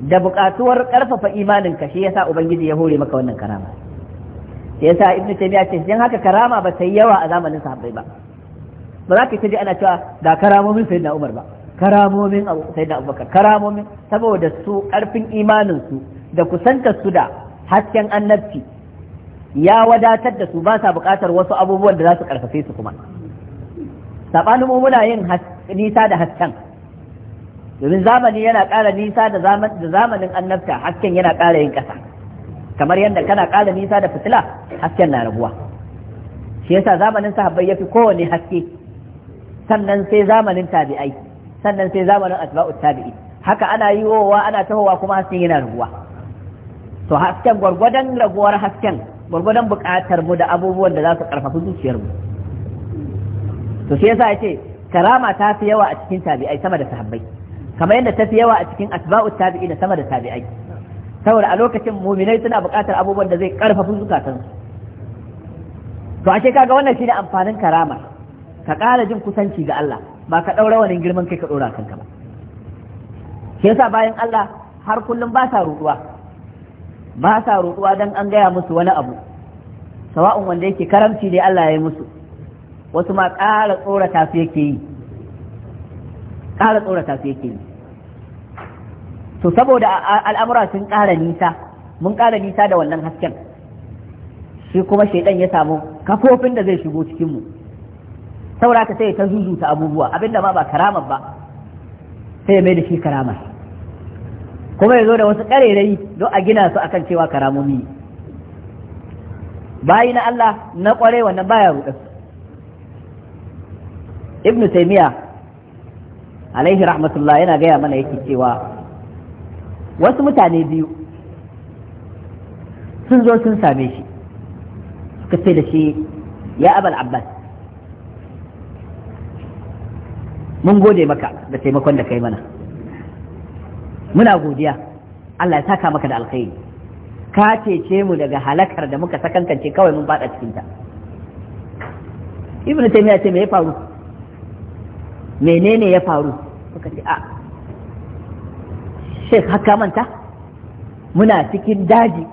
A: da buƙatuwar ƙarfafa imaninka shi yasa ubangiji ya hore maka wannan karama shi yasa ibnu taymiya ce dan haka karama ba ta yi yawa a zamanin sahabbai ba ba za ka ji ana cewa da karamomin sayyidina umar ba karamomin sayyidina abubakar karamomin saboda su ƙarfin imanin su da kusantar su da hasken annabci ya wadatar da su ba sa buƙatar wasu abubuwan da za su ƙarfafe su kuma sabanin mu muna yin nisa da hasken domin zamani yana ƙara nisa da zamanin annabta hasken yana ƙara yin ƙasa kamar yadda kana ƙara nisa da fitila hasken na raguwa shi yasa zamanin sahabbai yafi kowane haske sannan sai zamanin tabi'ai sannan sai zamanin asba'u tabi'i haka ana yi wa ana tahowa kuma hasken yana raguwa to hasken gwargwadon raguwar hasken gwargwadon buƙatar mu da abubuwan da za su ƙarfafi zuciyar mu to shi yasa yace karama ta fi yawa a cikin tabi'ai sama da sahabbai kamar yadda ta fi yawa a cikin tabi'i da sama da tabi'ai saboda a lokacin muminai suna buƙatar abubuwan da zai ƙarfafa zukatan to ashe kaga wannan shine amfanin karama ka ƙara jin kusanci ga Allah ba ka ɗaura wani girman kai ka ɗora kanka ba shi yasa bayan Allah har kullum ba sa ruɗuwa ba sa ruɗuwa dan an gaya musu wani abu sawa'un wanda yake karamci ne Allah ya yi musu wasu ma ƙara tsorata su yake yi ƙara tsorata su yake yi to saboda al'amura sun ƙara nisa mun ƙara nisa da wannan hasken shi kuma shaidan ya samu kafofin da zai shigo cikin mu saura ka sai ta zuzuta abubuwa abinda ma ba karamar ba sai ya mai da shi karama kuma ya zo da wasu ƙarerai don a gina su akan cewa karamomi bayi na Allah na ƙware wannan baya ruɗa ibnu taymiya alaihi rahmatullah yana gaya mana yake cewa wasu mutane biyu sun zo sun same shi suka ce da shi ya abal abbas mun gode maka da taimakon da kai mana muna godiya Allah ya saka maka da alkhairi ka cece mu daga halakar da muka sakankance kawai mun bada cikinta ibn taymiya ce me ya faru menene ya faru suka ce a ah, shek haka manta muna cikin daji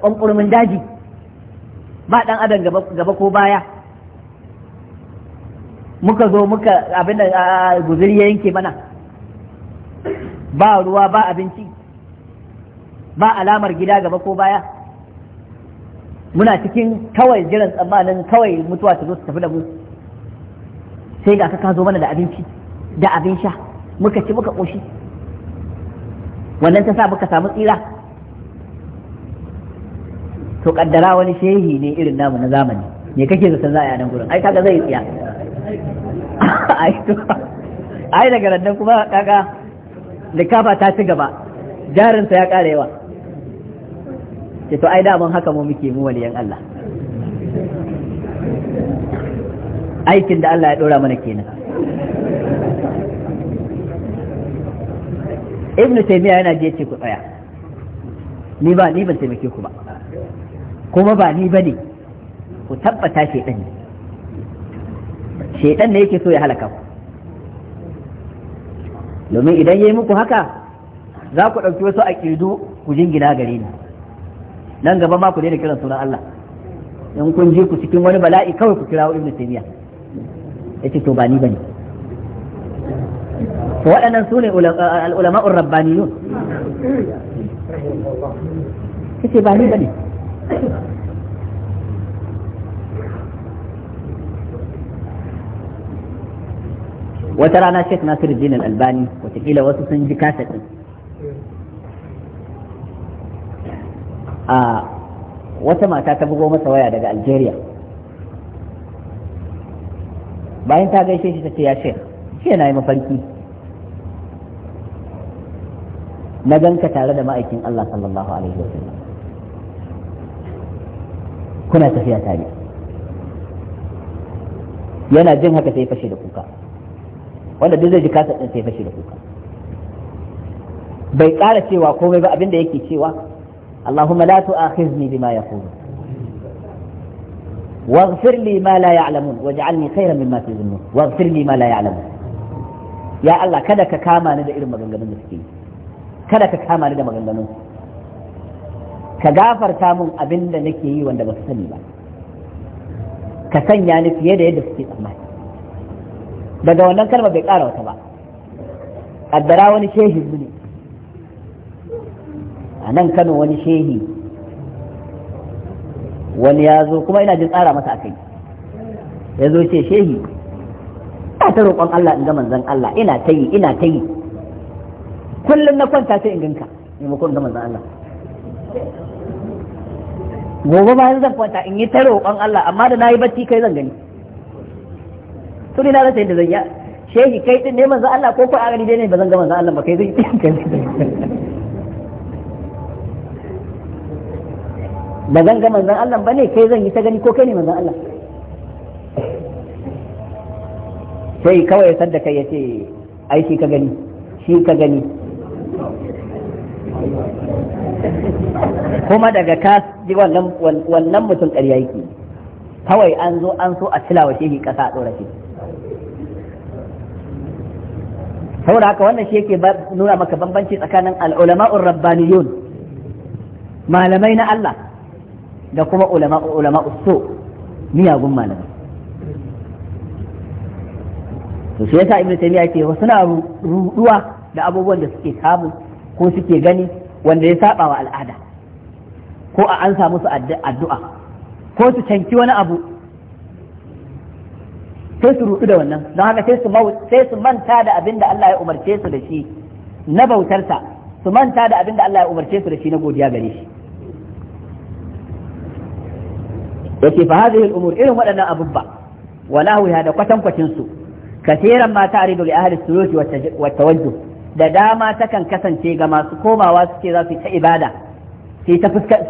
A: ƙwanƙurmin daji ba ɗan adam gaba ko baya muka zo muka abin da guzuri ya yanke mana ba ruwa ba abinci ba alamar gida gaba ko baya muna cikin kawai jiran tsammanin kawai mutuwa ta zo su tafi da mu sai ga ka zo mana da abinci da abin sha muka ci muka ƙoshi wannan ta sa baka samu tsira to kaddara wani shehi ne irin namu na zamani me kake zaton za a yanan gurin ai kaga zai tsiya ai to ai daga nan kuma kaga likafa ta ci gaba jarinsa ya ƙara yawa ce to ai daman haka mu muke mu waliyan Allah aikin da Allah ya ɗora mana kenan ibn taymiya yana je ce ku tsaya ni ba ni ban taimake ku ba kuma ba ni bane ku tabbata shedan ne shedan ne yake so ya halaka ku domin idan yayi muku haka za ku ɗauki wasu aƙidu ku jingina gare ni nan gaba ma ku daina kiran sunan Allah in kun ji ku cikin wani bala'i kawai ku kirawo ibn taymiya yace to ba ni bane waɗannan su ne ulama'ur rabbaniyun kace ba ni ne wata rana shek Nasiru, Jin Al-Albani watakila wasu sun ji kasa a wata mata ta bugo masa waya daga Algeria bayan ta gaishe shi ta ce ya shek ke na yi mafarki na ganka tare da ma'aikin Allah sallallahu alaihi Wasallam. kuna tafiya tare yana jin haka sai fashe da kuka wanda duk zai ji kasa din sai fashe da kuka bai ƙara cewa komai ba abinda yake cewa Allahumma la tu'akhizni bima yaqulu واغفر لي ما لا يعلمون واجعلني خيرا مما تظنون واغفر لي ما لا يعلمون ya Allah kada ka kama ni da irin maganganun da suke kada ka kama ni da maganganun ka gafarta mun abin da nake yi wanda ba su sani ba ka sanya ni fiye da yadda suke tsammani daga wannan kalma bai ƙara wata ba addara wani shehi ne a nan kano wani shehi wani ya zo kuma ina jin tsara masa a kai ya zo ce shehi ina ta roƙon Allah in ga zan Allah ina ta yi ina ta yi kullum na kwanta sai in ganka in ga zan Allah gobe ba zan kwanta in yi ta roƙon Allah amma da na yi bacci kai zan gani to ni na rasa yadda zan yi shehi kai din ne zan Allah ko ko a gani dai ne ba zan ga manzon Allah ba kai zai kai ba zan ga manzon Allah ba ne kai zan yi ta gani ko kai ne zan Allah sai kawai ya da kai ya ce ai shi ka gani shi ka gani kuma daga ka ji wannan mutum ƙarya yake kawai an zo an so a tilawa shehi ƙasa a ɗora shi saboda haka wannan shi yake nuna maka bambanci tsakanin al'ulama'ur rabbaniyun malamai na Allah da kuma ulama'u so miyagun malamai to sai yasa ibnu taymiya yake wasu na ruduwa da abubuwan da suke samu ko suke gani wanda ya saba wa al'ada ko a ansa musu addu'a ko su canki wani abu sai su rudu da wannan don haka sai su sai su manta da abin da Allah ya umarce su da shi na bautarsa su manta da abin da Allah ya umarce su da shi na godiya gare shi yake fa hadhihi al-umur irin waɗannan abubba Walahu ya da kwatankwacin su kasiran ma ta'ridu li ahli suluki wa tawajjuh da dama takan kasance ga masu komawa suke za su ta ibada sai ta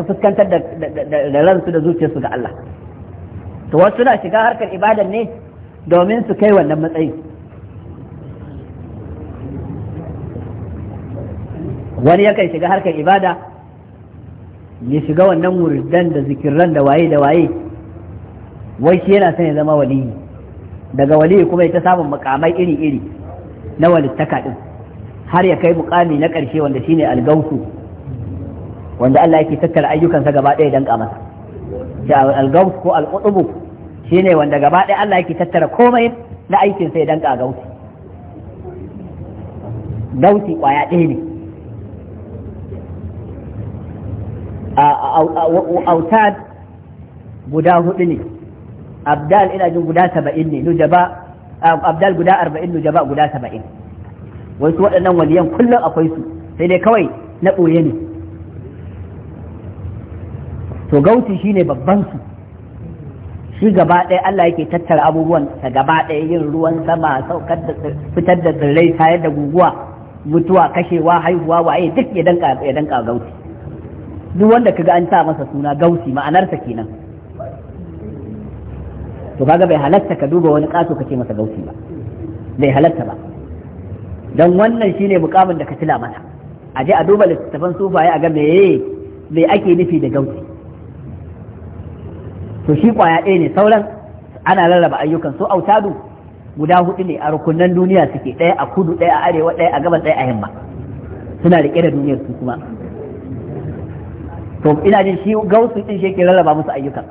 A: fuskantar da ransu da zuciyarsu ga Allah to wasu suna shiga harkar ibada ne domin su kai wannan matsayin wani yakan shiga harkar ibada ya shiga wannan wuridan da zikirran da waye da waye wai shi yana son ya zama waliyi daga wali kuma ya ta samun mukamai iri-iri na walittaka din har ya kai mukami na ƙarshe wanda shine algausu wanda Allah yake tattara ayyukansa gaba ɗaya danka masa da algaus ko al'udubu shine wanda gaba ɗaya Allah yake tattara komai na aikinsa ya danka gausi gausi kwaya ɗaya ne autad guda hudu ne abdal ina jin guda saba'in ne nujaba ah, abdal guda arba'in nujaba guda saba'in wai waɗannan waliyan kullum akwai su sai dai kawai na ɓoye ne to gauti shi ne babban su shi gaba ɗaya Allah yake tattara abubuwan ta gaba ɗaya yin ruwan sama saukar da fitar da tsirrai tayar da guguwa mutuwa kashewa haihuwa waye duk ya danka ya danka gauti duk wanda kaga an sa masa suna gauti ma'anarsa kenan to kaga bai halatta ka duba wani kaso kace masa gausi ba bai halatta ba dan wannan shine mukamin da ka tila mata a je a duba littattafan sufaye a ga meye me ake nufi da gausi to shi kwaya ɗaya ne sauran ana rarraba ayyukan su autadu guda hudu ne a rukunan duniya suke ɗaya a kudu ɗaya a arewa ɗaya a gabas ɗaya a yamma suna riƙe da duniyar su kuma to ina jin shi gausu din shi ke rarraba musu ayyukan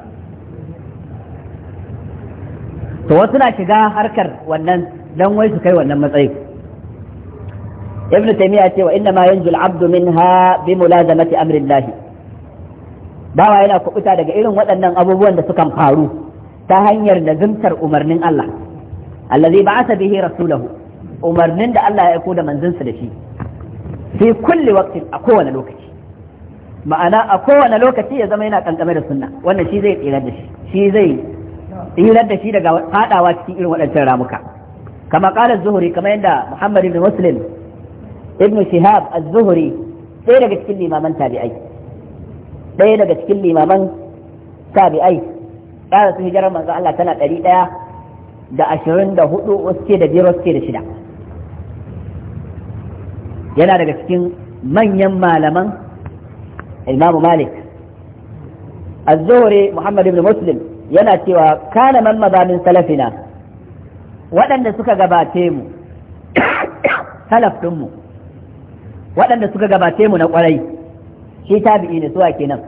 A: to wasu na shiga harkar wannan dan wai su kai wannan matsayi ibnu taymiya ce wa inna ma yanzu al-abdu minha bi mulazamati amrillahi bawa yana kubuta daga irin waɗannan abubuwan da sukan faru ta hanyar nazimtar umarnin Allah allazi ba'atha bihi rasulahu umarnin da Allah ya aiko da manzansa da shi fi kulli waqtin a kowane lokaci ma'ana a kowane lokaci ya zama yana kankame da sunna wannan shi zai tsira da shi shi zai tsirar da shi daga fadawa cikin irin waɗancan ramuka kama ƙalar zuhuri kama yadda muhammad ibn muslim ibn shihab az-zuhuri ɗaya daga cikin limaman tabi'ai ɗaya daga cikin limaman tabi'ai ƙara su hijirar manzo Allah tana ɗari ɗaya da ashirin da hudu wasu da biyar wasu da shida yana daga cikin manyan malaman imamu malik az-zuhuri muhammad ibn muslim yana cewa kana man mazamin min salafina waɗanda suka gabace mu salafinmu waɗanda suka gabace mu na ƙwarai shi tabi'i ne suwa kenan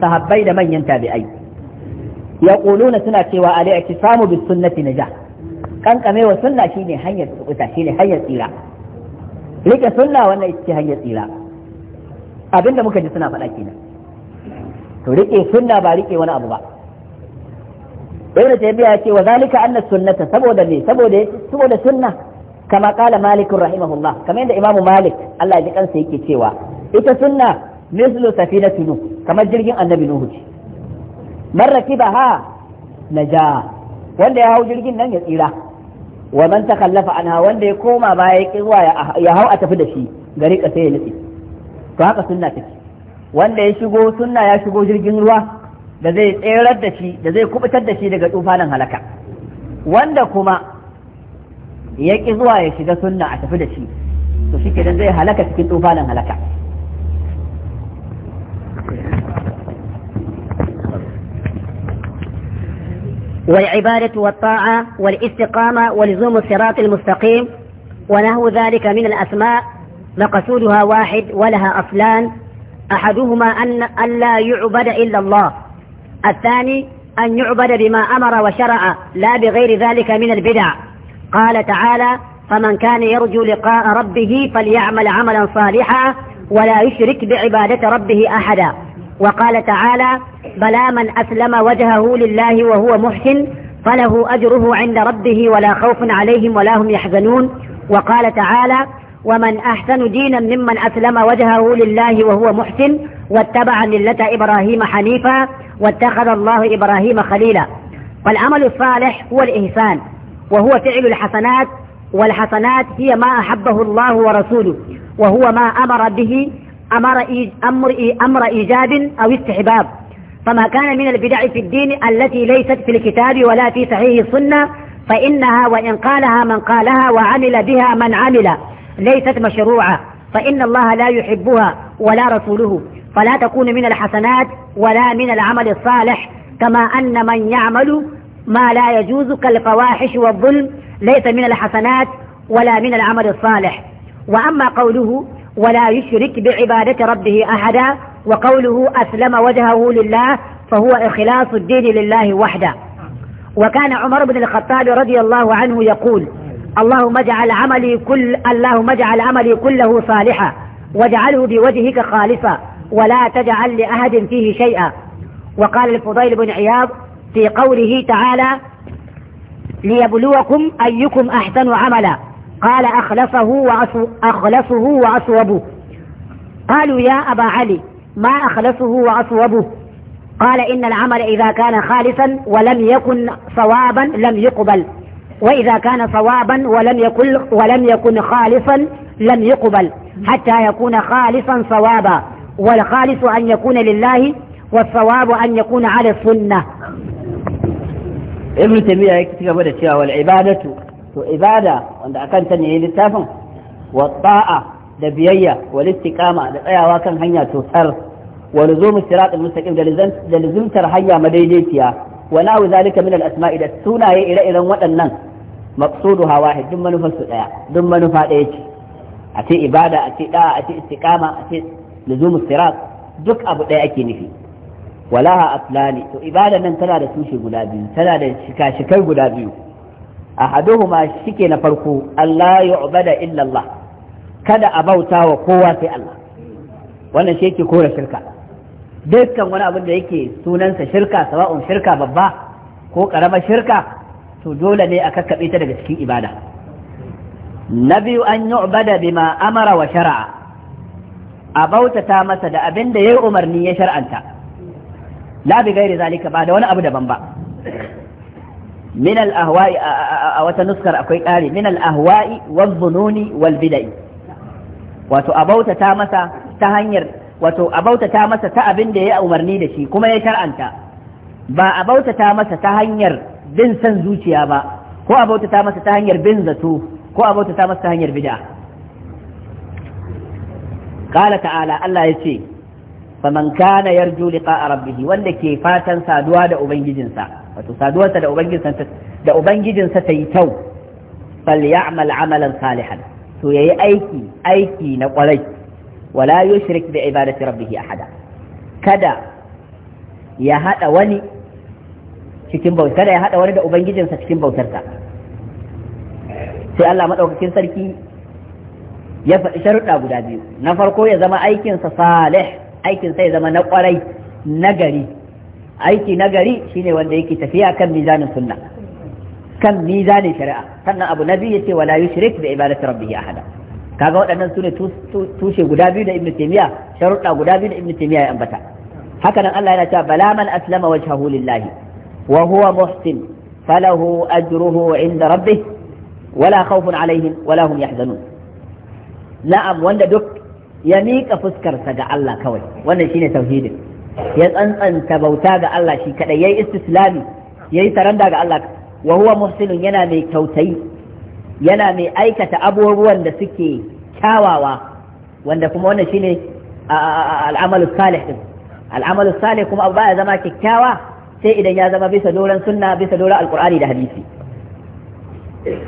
A: sahabbai da manyan tabi'ai ya ƙuluna suna cewa ali a samu bi sunnati na ja ƙanƙame wa sunna shine hanyar tsukuta shine hanyar tsira rike sunna wannan ita ce hanyar tsira abinda muka ji suna faɗa kenan to rike sunna ba rike wani abu ba ibn taymiya ce wa zalika anna sunnata saboda me saboda saboda sunna kama qala malik rahimahullah kamar yadda imamu malik Allah ya ji kansa yake cewa ita suna mislu safinatu nuh kamar jirgin annabi nuhu ce man rakibaha naja wanda ya hau jirgin nan ya tsira wa man takallafa anha wanda ya koma baya ya hau a tafi da shi gari ka ya to haka wanda ya shigo sunna ya shigo jirgin ruwa da zai tserar da shi da zai kubutar da shi daga tufanin halaka wanda kuma ya ƙi zuwa ya shiga sunna a tafi da shi to shi kenan zai halaka cikin tufanin halaka
B: والعبادة والطاعة والاستقامة ولزوم الصراط المستقيم ونحو ذلك من الأسماء مقصودها واحد ولها أصلان أحدهما أن ألا يعبد إلا الله الثاني أن يعبد بما أمر وشرع لا بغير ذلك من البدع قال تعالى فمن كان يرجو لقاء ربه فليعمل عملا صالحا ولا يشرك بعبادة ربه أحدا وقال تعالى بلى من أسلم وجهه لله وهو محسن فله أجره عند ربه ولا خوف عليهم ولا هم يحزنون وقال تعالى ومن أحسن دينا ممن أسلم وجهه لله وهو محسن واتبع ملة إبراهيم حنيفا واتخذ الله إبراهيم خليلا فالعمل الصالح هو الإحسان وهو فعل الحسنات والحسنات هي ما أحبه الله ورسوله وهو ما أمر به أمر, أمر, أمر إيجاب أو استحباب فما كان من البدع في الدين التي ليست في الكتاب ولا في صحيح السنة فإنها وإن قالها من قالها وعمل بها من عمل ليست مشروعة فإن الله لا يحبها ولا رسوله فلا تكون من الحسنات ولا من العمل الصالح كما أن من يعمل ما لا يجوز كالفواحش والظلم ليس من الحسنات ولا من العمل الصالح وأما قوله ولا يشرك بعبادة ربه أحدا وقوله أسلم وجهه لله فهو إخلاص الدين لله وحده وكان عمر بن الخطاب رضي الله عنه يقول اللهم اجعل عملي كل اللهم اجعل عملي كله صالحا واجعله بوجهك خالصا ولا تجعل لأحد فيه شيئا وقال الفضيل بن عياض في قوله تعالى ليبلوكم أيكم أحسن عملا قال أخلصه, وعصو أخلصه وأصوبه قالوا يا أبا علي ما أخلصه وأصوبه قال إن العمل إذا كان خالصا ولم يكن صوابا لم يقبل وإذا كان صوابا ولم يكن, ولم يكن خالصا لم يقبل حتى يكون خالصا صوابا والخالص أن يكون لله والصواب أن يكون على السنة.
A: ابن تيميه يكتب ا ل والعبادة عبادة عند ء و ا ل ع ب ا د ة ع ب وكان هيا توسر ولزوم الصراط المستقيم للزمتر هيا مدينتيا wa na'u zalika min al-asma'i da sunaye ire-iren waɗannan maqsuduha wahid duk manufar su daya duk manufa daya ce a ce ibada a ce da'a a ce istiqama a ce luzumus sirat duk abu daya ake nufi walaha aslani to ibada nan tana da tushe guda biyu tana da shika-shikai guda biyu ahaduhuma shike na farko Allah yu'bada illa Allah kada a bauta wa kowa sai Allah wannan shi yake kora shirka dukkan wani abin da yake sunansa shirka sawa'un shirka babba ko karamar shirka to dole ne a kakkaɓe ta daga cikin ibada na biyu an yi ubada bima amara wa shara'a a bautata masa da abin da ya yi umarni ya shar'anta la bi gairi zalika ba da wani abu daban ba min al ahwa'i a wata nuskar akwai ƙari min al ahwa'i wal zununi wal bida'i wato a bautata masa ta hanyar wato a bautata masa ta abin da ya umarni da shi kuma ya shar'anta ba a bautata masa ta hanyar bin san zuciya ba ko a bautata masa ta hanyar bin zato ko a bautata masa ta hanyar bid'a qala ta'ala Allah ya ce faman kana yarju liqa'a rabbih wanda ke fatan saduwa da ubangijinsa wato saduwarsa da ubangijinsa da ubangijinsa ta yi tau kyau falyamal amalan salihan to yayi aiki aiki na kwarai wala yushrik bi ibadati rabbih ahada kada ya hada cikin bautar kada ya hada wani da ubangijinsa cikin bautar ta, sai Allah madaukakin sarki ya faɗi sharuɗa guda biyu na farko ya zama aikinsa salih aikinsa ya zama na ƙwarai nagari aiki nagari shine wanda yake tafiya kan mizanin sunna kan mizanin shari'a sannan abu nabi yace wala yushrik bi ibadati rabbih ahada kaga waɗannan su ne tushe guda biyu da ibnu taymiya sharuɗa guda biyu da ibnu taymiya ya ambata haka nan Allah yana cewa bala man aslama wajhahu lillahi wa huwa muhsin falahu ajruhu inda rabbih wala khawfun alaihim wala hum yahzanun na'am wanda duk ya miƙa fuskarsa ga Allah kawai wannan shine tauhidin ya tsantsanta bauta ga Allah shi kadai yayi istislami yayi taranda ga Allah wa huwa muhsinun yana mai kyautayi yana mai aikata abubuwan da suke kyawawa wanda kuma wannan shine al'amalu salih din al'amalu salih kuma ba ya zama kyakkyawa sai idan ya zama bisa doran sunna bisa doran alqur'ani da hadisi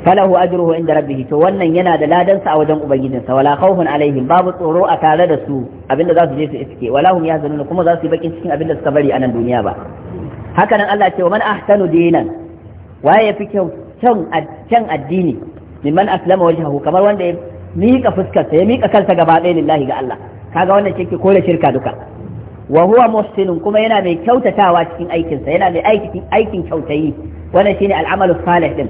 A: falahu ajruhu inda rabbih to wannan yana da ladansa a wajen ubangijinsa wala khawfun alaihim babu tsoro a tare da su abinda za su je su iske wala hum yahzanun kuma za su yi bakin cikin abinda suka bari a nan duniya ba haka nan Allah ce wa man ahsanu dinan waye yafi kyau kyan addini liman aslama wajhahu kamar wanda ya mika fuskarsa ya mika kansa gaba ɗaya lillahi ga Allah kaga wannan shi ke kore shirka duka wa huwa muhsinun kuma yana mai kyautatawa cikin sa yana mai aikin aikin kyautayi wannan shine al'amalu salih din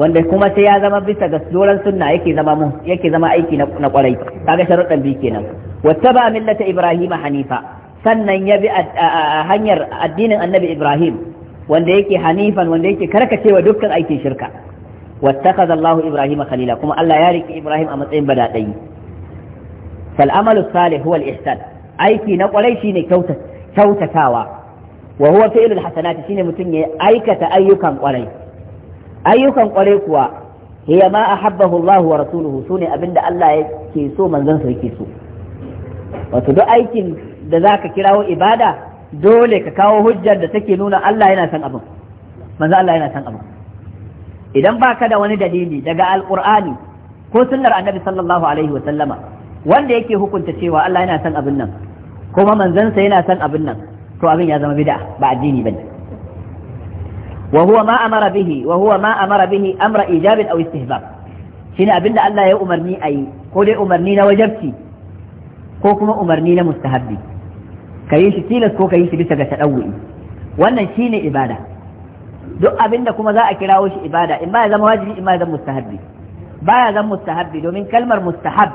A: wanda kuma sai ya zama bisa ga doran sunna yake zama mu yake zama aiki na kwarai kaga sharuɗan bi kenan wattaba millata ibrahima hanifa sannan ya bi hanyar addinin annabi ibrahim wanda yake hanifan wanda yake karkacewa dukkan aikin shirka wattakaza Allahu Ibrahim khalila kuma Allah ya riki Ibrahim a matsayin badadai fal amalu salih huwa al ihsan aiki na kwarai shine kyautatawa wa huwa fi'lul hasanati shine mutum ya aikata ayyukan kwarai ayyukan kwarai kuwa hiya a ahabbahu Allahu wa rasuluhu sune abinda Allah yake so manzon sa yake so wato duk aikin da zaka kirawo ibada dole ka kawo hujjar da take nuna Allah yana son Allah yana son idan baka da wani dalili daga Alkur'ani ko sunnar annabi sallallahu alaihi wa sallama wanda yake hukunta cewa Allah yana son abin nan kuma manzansa yana son abin nan to abin ya zama bid'a ba addini bane wa huwa ma amara bihi wa huwa ma amara bihi amra ijab aw istihbab shine abinda Allah ya umarni ayi ko dai umarni na wajabci ko kuma umarni na mustahabbi kayi shi tilas ko kayi shi bisa ga tadawwi wannan shine ibada duk abinda kuma za a kirawo shi ibada in ba ya zama wajibi in ba ya zama mustahabbi ba ya zama mustahabbi domin kalmar mustahab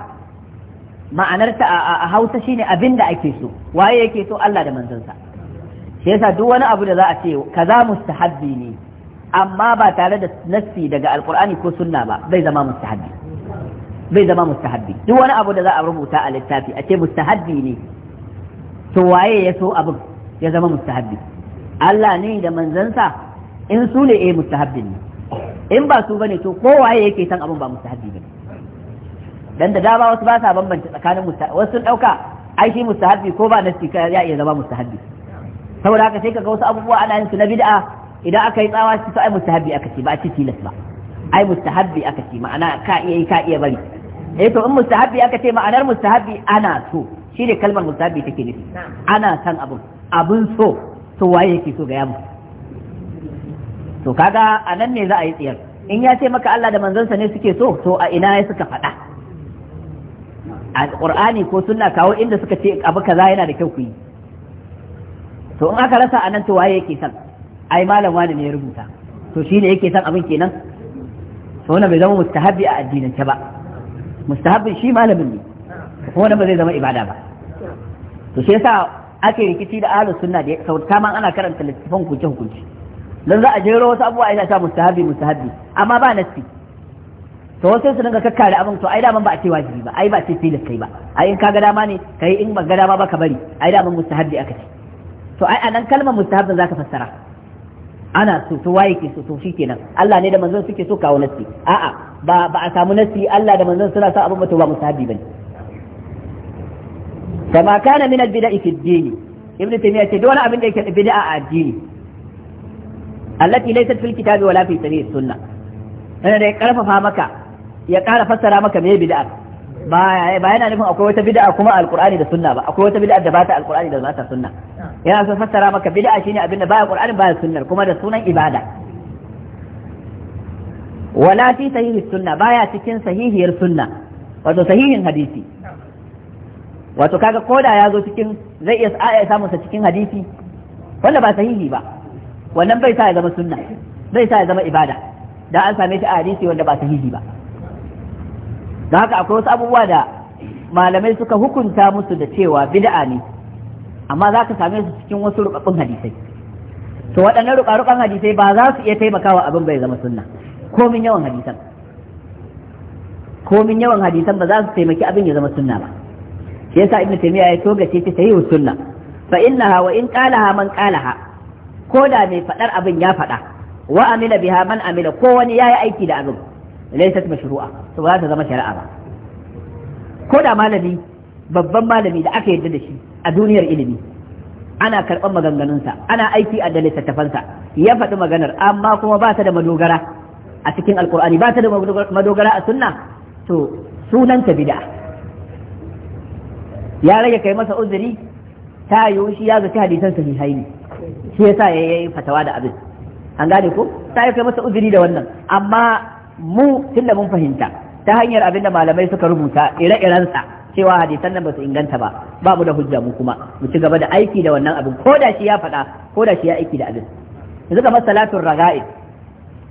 A: ma'anarta a Hausa shine abinda ake so waye yake so Allah da manzansa shi yasa duk wani abu da za a ce kaza mustahabbi ne amma ba tare da nassi daga alkur'ani ko sunna ba bai zama mustahabbi bai zama mustahabbi duk wani abu da za a rubuta a littafi a ce mustahabbi ne to waye ya so abin ya zama mustahabbi Allah ne da manzansa in su ne eh mustahabbin ne in ba su bane to kowaye yake san abin ba mustahabbi bane dan da dama wasu ba sa bambanta tsakanin mustahabbi wasu sun dauka ai shi mustahabbi ko ba nasi ya iya zama mustahabbi saboda haka sai kaga wasu abubuwa ana yin su na bid'a idan aka yi tsawa su ai mustahabbi aka ce ba a ci tilas ba ai mustahabbi aka ce ma'ana ka iya yi ka iya bari eh to in mustahabbi aka ce ma'anar mustahabbi ana so shine kalmar mustahabbi take nufi ana san abun abun so to waye yake so ga yamu to kaga a nan ne za a yi tsiyar in ya ce maka Allah da manzansa ne suke so to a ina ya suka faɗa a ƙur'ani ko sunna kawo inda suka ce abu kaza yana da kyau ku yi to in aka rasa a nan to waye yake son ai malam wani ne ya rubuta to shi ne yake son abin kenan to wannan bai zama mustahabi a addinance ba mustahabin shi malamin
C: ne
A: kuma wannan ba zai zama ibada ba to shi yasa ake rikici da ahlus sunna da kaman ana karanta littafin hukunci hukunci dan za a jero wasu abubuwa ina ta mustahabi mustahabi amma ba nasi to wasu su dinga kakkare abin to ai daman ba a ce wajibi ba ai ba ce tilas kai ba ai in ka ga dama ne kai in ba ga dama ba ka bari ai daman mustahabi aka ce to ai anan kalmar mustahabin zaka fassara ana so to waye ke so to shi kenan. Allah ne da manzon suke so kawo nasi a'a ba ba a samu nasi Allah da manzon suna sa abin ba to ba mustahabi bane kama kana min al-bida'i fi ad-din ibn taymiyyah ce dole abin da yake bid'a a addini allati laysat fil kitabi wala fi sabi'i sunna yana da ya karfafa maka ya kara fassara maka me bid'a ba ba yana nufin akwai wata bid'a kuma alqur'ani da sunna ba akwai wata bid'a da ba ta da ba ta yana so fassara maka bid'a shine abinda ba alqur'ani ba sunnar kuma da sunan ibada wala fi sahihi sunna baya cikin sahihiyar wato sahihin hadisi wato kaga koda ya zo cikin zai iya samun sa cikin hadisi wanda ba sahihi ba wannan bai sa ya zama sunna bai sa ya zama ibada da an same shi a hadisi wanda ba sahihi ba don haka akwai wasu abubuwa da malamai suka hukunta musu da cewa bid'a ne amma za ka same su cikin wasu rubabbun hadisai to waɗannan ruɓa hadisai ba za su iya taimakawa abin bai zama sunna komin yawan hadisan komin yawan hadisan ba za su taimaki abin ya zama sunna ba shi yasa ibnu taymiya ya ce ta sahihu sunna fa innaha wa in qalaha man qalaha ko da mai faɗar abin ya faɗa wa amila biha man amila ko wani ya yi aiki da abin laysat mashru'a to ba ta zama shari'a ba ko da malami babban malami da aka yarda da shi a duniyar ilimi ana karɓar maganganunsa ana aiki a da tattafansa, ya faɗi maganar amma kuma ba ta da madogara a cikin alkur'ani ba ta da madogara a sunna to sunanta bid'a ya rage kai masa uzuri ta yi shi ya zaci hadisan sahihai ne shi yasa ya yi fatawa da abin an gane ko ta yi kai masa uzuri da wannan amma mu tun da mun fahimta ta hanyar abin da malamai suka rubuta ire-irensa cewa hadisan nan ba su inganta ba ba mu da hujja mu kuma mu ci gaba da aiki da wannan abin ko da shi ya faɗa ko da shi ya aiki da abin yanzu kamar salatun raga'i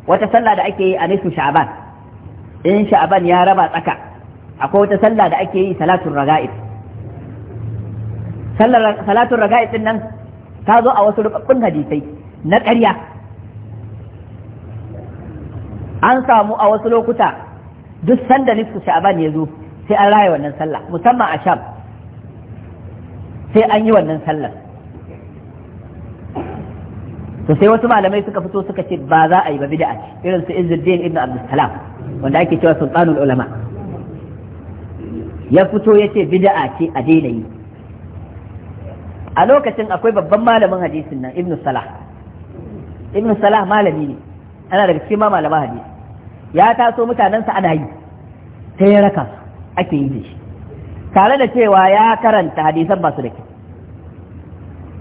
A: wata sallah da ake yi a nisu sha'aban in sha'aban ya raba tsaka akwai wata sallah da ake yi salatun raga'i salatun raga'i din nan ta zo a wasu rubabbin hadisai na ƙarya an samu a wasu lokuta duk sanda nisfu sha'ban ya zo sai an raya wannan sallah musamman a sham sai an yi wannan sallar to sai wasu malamai suka fito suka ce ba za a yi ba bid'a ce irin su Izzuddin ibn Abdul Salam wanda ake cewa sultanul ulama ya fito ya ce bid'a ce a daina yi a lokacin akwai babban malamin hadisin nan ibnu salah ibnu salah malami ne ana daga cikin ma malaman hadisi ya taso sa ana yi sai ya raka ake yi da shi tare da cewa ya karanta hadisan ba su da kyau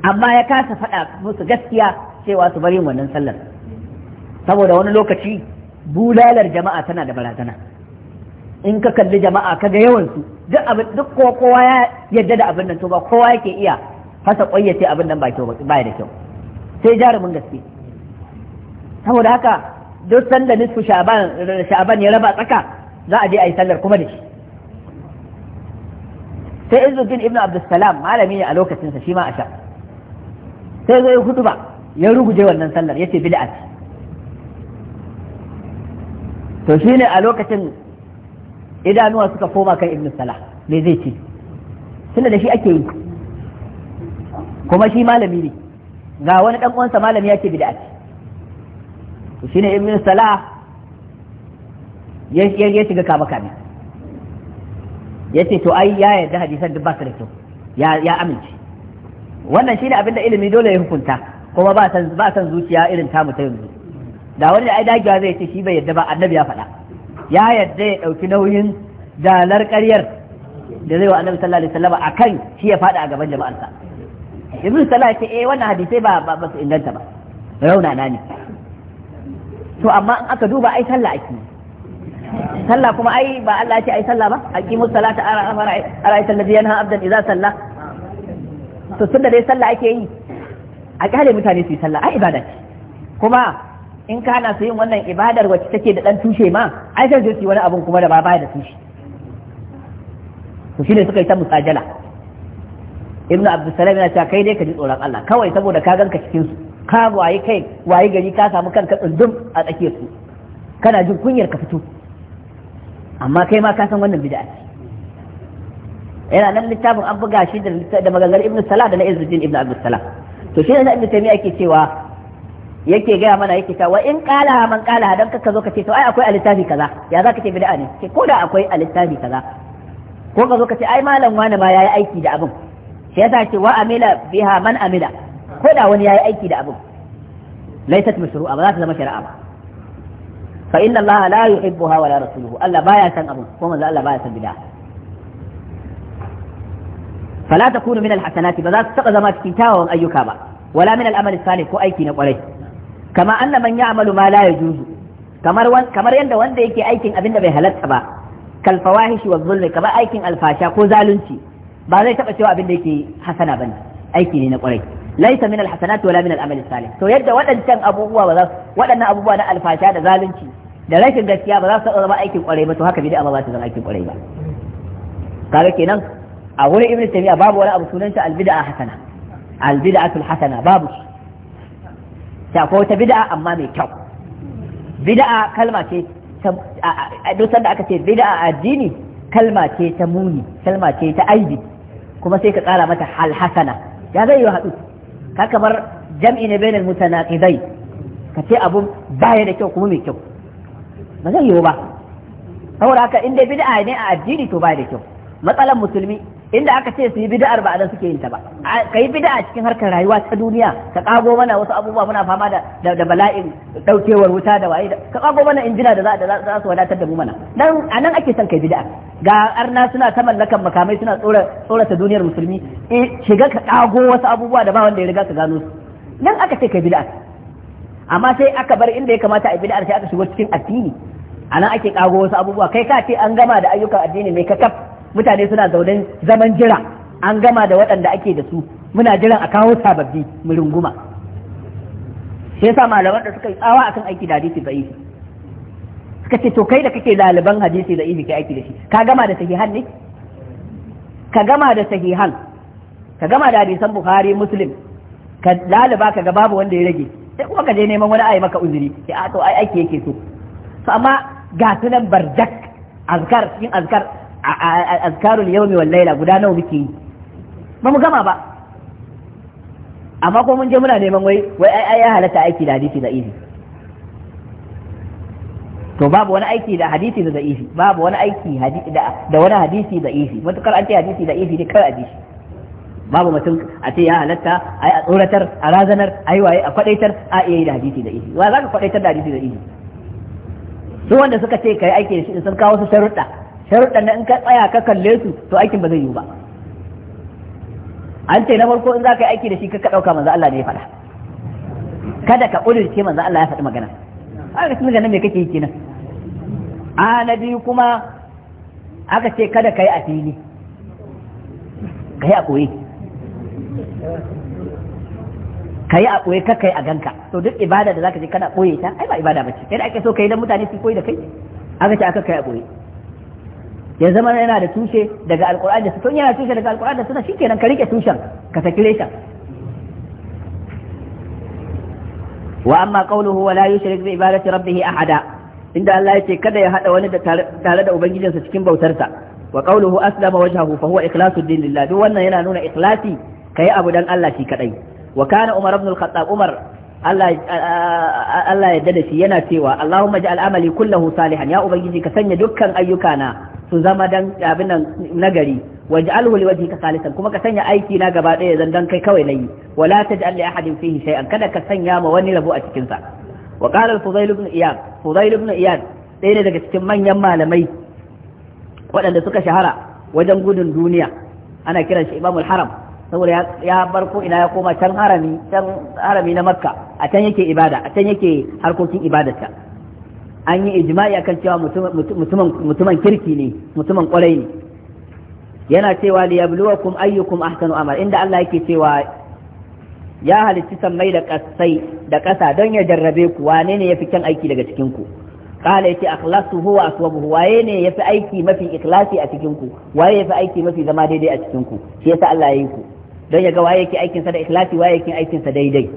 A: amma ya kasa faɗa musu gaskiya cewa su bari wannan sallar saboda wani lokaci bulalar jama'a tana da barazana in ka kalli jama'a ka ga yawansu duk abin duk kowa ya yadda da abin nan to ba kowa yake iya fasa ƙwayyace abin nan ba kyau ba da kyau sai jarumin gaske saboda haka duk sanda nisfu sha'aban ya raba tsaka za a je a yi sallar kuma da shi sai izuddin ibn abdussalam malami ne a lokacinsa shi ma a sha sai zai hudu ba ya ruguje wannan sallar yace bid'a ce to shine a lokacin idanuwa suka koma kan ibn salah me zai ce tunda da shi ake yi kuma shi malami ne ga wani dan uwansa malami yake bid'a to shine ibn salah ya shiga kama kame yace to ai ya yarda hadisan duk ba su da kyau ya ya amince wannan shine abinda ilimi dole ya hukunta kuma ba san ba san zuciya irin ta ta yanzu da wani ai dagewa zai ce shi bai yarda ba annabi ya faɗa ya yarda ya dauki nauyin dalar ƙaryar da zai wa annabi sallallahu alaihi wasallam akan shi ya faɗa a gaban jama'arsa ibn salah ce eh wannan hadisai ba ba su inganta ba rauna na ne to amma in aka duba ai sallah ake sallah kuma ai ba Allah ce ai sallah ba aqimus salata ara ara ita allazi yanha abdan idza salla to tunda dai sallah ake yi a kale mutane su yi sallah ai ibada ce kuma in ka su yin wannan ibadar wacce take da dan tushe ma ai sai su yi wani abun kuma da ba ba da tushe to shine suka yi ta musajala ibnu abdussalam yana cewa kai dai ka ji tsoron Allah kawai saboda ka ganka cikin su ka waye kai waye gari ka samu kanka tsundum a tsakiyar su kana jin kunyar ka fito amma kai ma ka san wannan bid'a ce yana nan littafin an buga shi da da maganganun ibnu salah da na izzuddin ibnu abdussalam to shi ne ibnu taymiya yake cewa yake gaya mana yake cewa in kala man kala dan ka zo ka ce to ai akwai alittafi kaza ya za ka ce bid'a ne ko da akwai alittafi kaza ko ka zo ka ce ai malam wani ma yayi aiki da abin shi yasa ce wa amila biha man amila ko da wani yayi aiki da abin laysat mashru'a ba za ta zama shari'a ba fa inna Allah la yuhibbuha wa la rasuluhu Allah baya san abin ko manzo Allah baya san bid'a fala takunu min alhasanati ba za ta taba zama cikin tawawan ayyuka ba wala min al'amali salih ko aiki na kwarai kama anna man ya'malu ma la yajuzu kamar kamar yanda wanda yake aikin abin da bai halatta ba kal fawahishi wa zulmi kamar aikin alfasha ko zalunci ba zai taba cewa abin da yake hasana bane aiki ne na kwarai laisa min alhasanat wala min al'amal salih to yadda waɗancan abubuwa ba za waɗannan abubuwa na alfasha da zalunci da rashin gaskiya ba za su zama aikin kwarai ba to haka bid'a ba ta zama aikin kwarai ba kaga kenan a wurin ibnu taymiya babu wani abu sunanta albid'a hasana albid'atul hasana babu ta ko ta bid'a amma mai kyau bid'a kalma ce a duk da aka ce bid'a addini kalma ce ta muni kalma ce ta aibi kuma sai ka tsara mata hal hasana ya zai yi haɗu ka kamar jam'i ne bainal mutanaqidai ka ce abun baya da kyau kuma mai kyau ba zai yiwu ba saboda haka in dai bid'a ne a addini to baya da kyau matsalan musulmi inda aka ce su yi bid'ar ba nan suke yin ta ba ka yi bid'a cikin harkar rayuwa ta duniya ka kago mana wasu abubuwa muna fama da da bala'in daukewar wuta da waye ka kago mana injina da za su wadatar da mu mana dan anan ake son kai bid'a ga arna suna ta mallakan makamai suna tsora tsora ta duniyar musulmi eh shiga ka kago wasu abubuwa da ba wanda ya riga ka gano su nan aka ce kai bid'a amma sai aka bar inda ya kamata a bid'ar sai aka shigo cikin addini anan ake kago wasu abubuwa kai ka ce an gama da ayyukan addini mai kakaf mutane suna zaune zaman jira an gama da waɗanda ake da su muna jiran a kawo sababbi mu runguma sai yasa malaman da suka yi tsawa akan aiki da hadisi da'ifi suka ce to kai da kake ɗaliban hadisi da'ifi kai aiki da shi ka gama da sahihan ne ka gama da sahihan ka gama da hadisan bukhari muslim ka laliba ka ga babu wanda ya rage sai kuma ka je neman wani ayi maka uzuri ya a to ai aiki yake so amma ga sunan barjak azkar cikin azkar azkarul yawmi wal laila guda nawa muke yi ba mu gama ba amma ko mun je muna neman wai wai ai ai halatta aiki da hadisi da izi to babu wani aiki da hadisi da da'ifi babu wani aiki da wani hadisi da ifi matukar an ce hadisi da ifi ne kar a ji babu mutum a ce ya halatta ai a tsoratar a razanar ai waye a kwadaitar a iya yi da hadisi da ifi wa za ka kwadaitar da hadisi da ifi su wanda suka ce kai aiki da shi sun kawo su sharuɗa sharuɗa nan in ka tsaya ka kalle su to aikin ba zai yiwu ba an ce na farko in za ka yi aiki da shi ka ɗauka manzo Allah ne ya faɗa kada ka ƙudurce manzo Allah ya faɗi magana aka sun sunan nan me kake yi kenan a na biyu kuma aka ce kada ka yi a fili ka yi a ɓoye ka yi a ɓoye ka kai a ganka to duk ibada da za ka je kana ɓoye ta ai ba ibada ba ce yadda ake so ka yi don mutane su koyi da kai aka ce aka kai a ɓoye ya zama yana da tushe daga alkur'ani da sunna yana tushe daga alkur'ani da sunna shikenan ka rike tushen ka sakire shi wa amma qawluhu wa la yushrik bi ibadati rabbih ahada inda Allah yace kada ya hada wani da tare da ubangijinsa cikin bautarsa wa qawluhu aslama wajhahu fa huwa ikhlasu lillah duk wannan yana nuna ikhlasi kai abu dan Allah shi kadai wa kana umar ibn al-khattab umar Allah Allah ya dada shi yana cewa Allahumma al'amali amali kullahu salihan ya ubangiji ka sanya dukkan ayyukana su zama dan abin nan nagari waje ka salisa kuma ka sanya aiki na gaba ɗaya zan dan kai kawai nayi wala taj'al li ahadin fihi an kada ka sanya ma wani rabo a cikinsa sa wa qala fudail ibn iyad fudail ibn iyad ɗaya ne daga cikin manyan malamai waɗanda suka shahara wajen gudun duniya ana kiran shi imamul haram saboda ya bar ko ina ya koma can harami can harami na makka a can yake ibada a can yake harkokin ibadarsa an yi ijma'i akan cewa mutumin kirki ne mutumin kwarai ne yana cewa liyabluwakum ayyukum ahsanu amal inda Allah yake cewa ya halicci sammai da kasai da kasa don ya jarrabe ku wane ne yafi kyan aiki daga cikin ku qala yati akhlasu huwa aswabuhu waye ne yafi aiki mafi ikhlasi a cikin ku waye yafi aiki mafi zama daidai a cikin ku shi yasa Allah ya yi ku don ya ga waye yake aikin sa da ikhlasi waye yake aikin sa daidai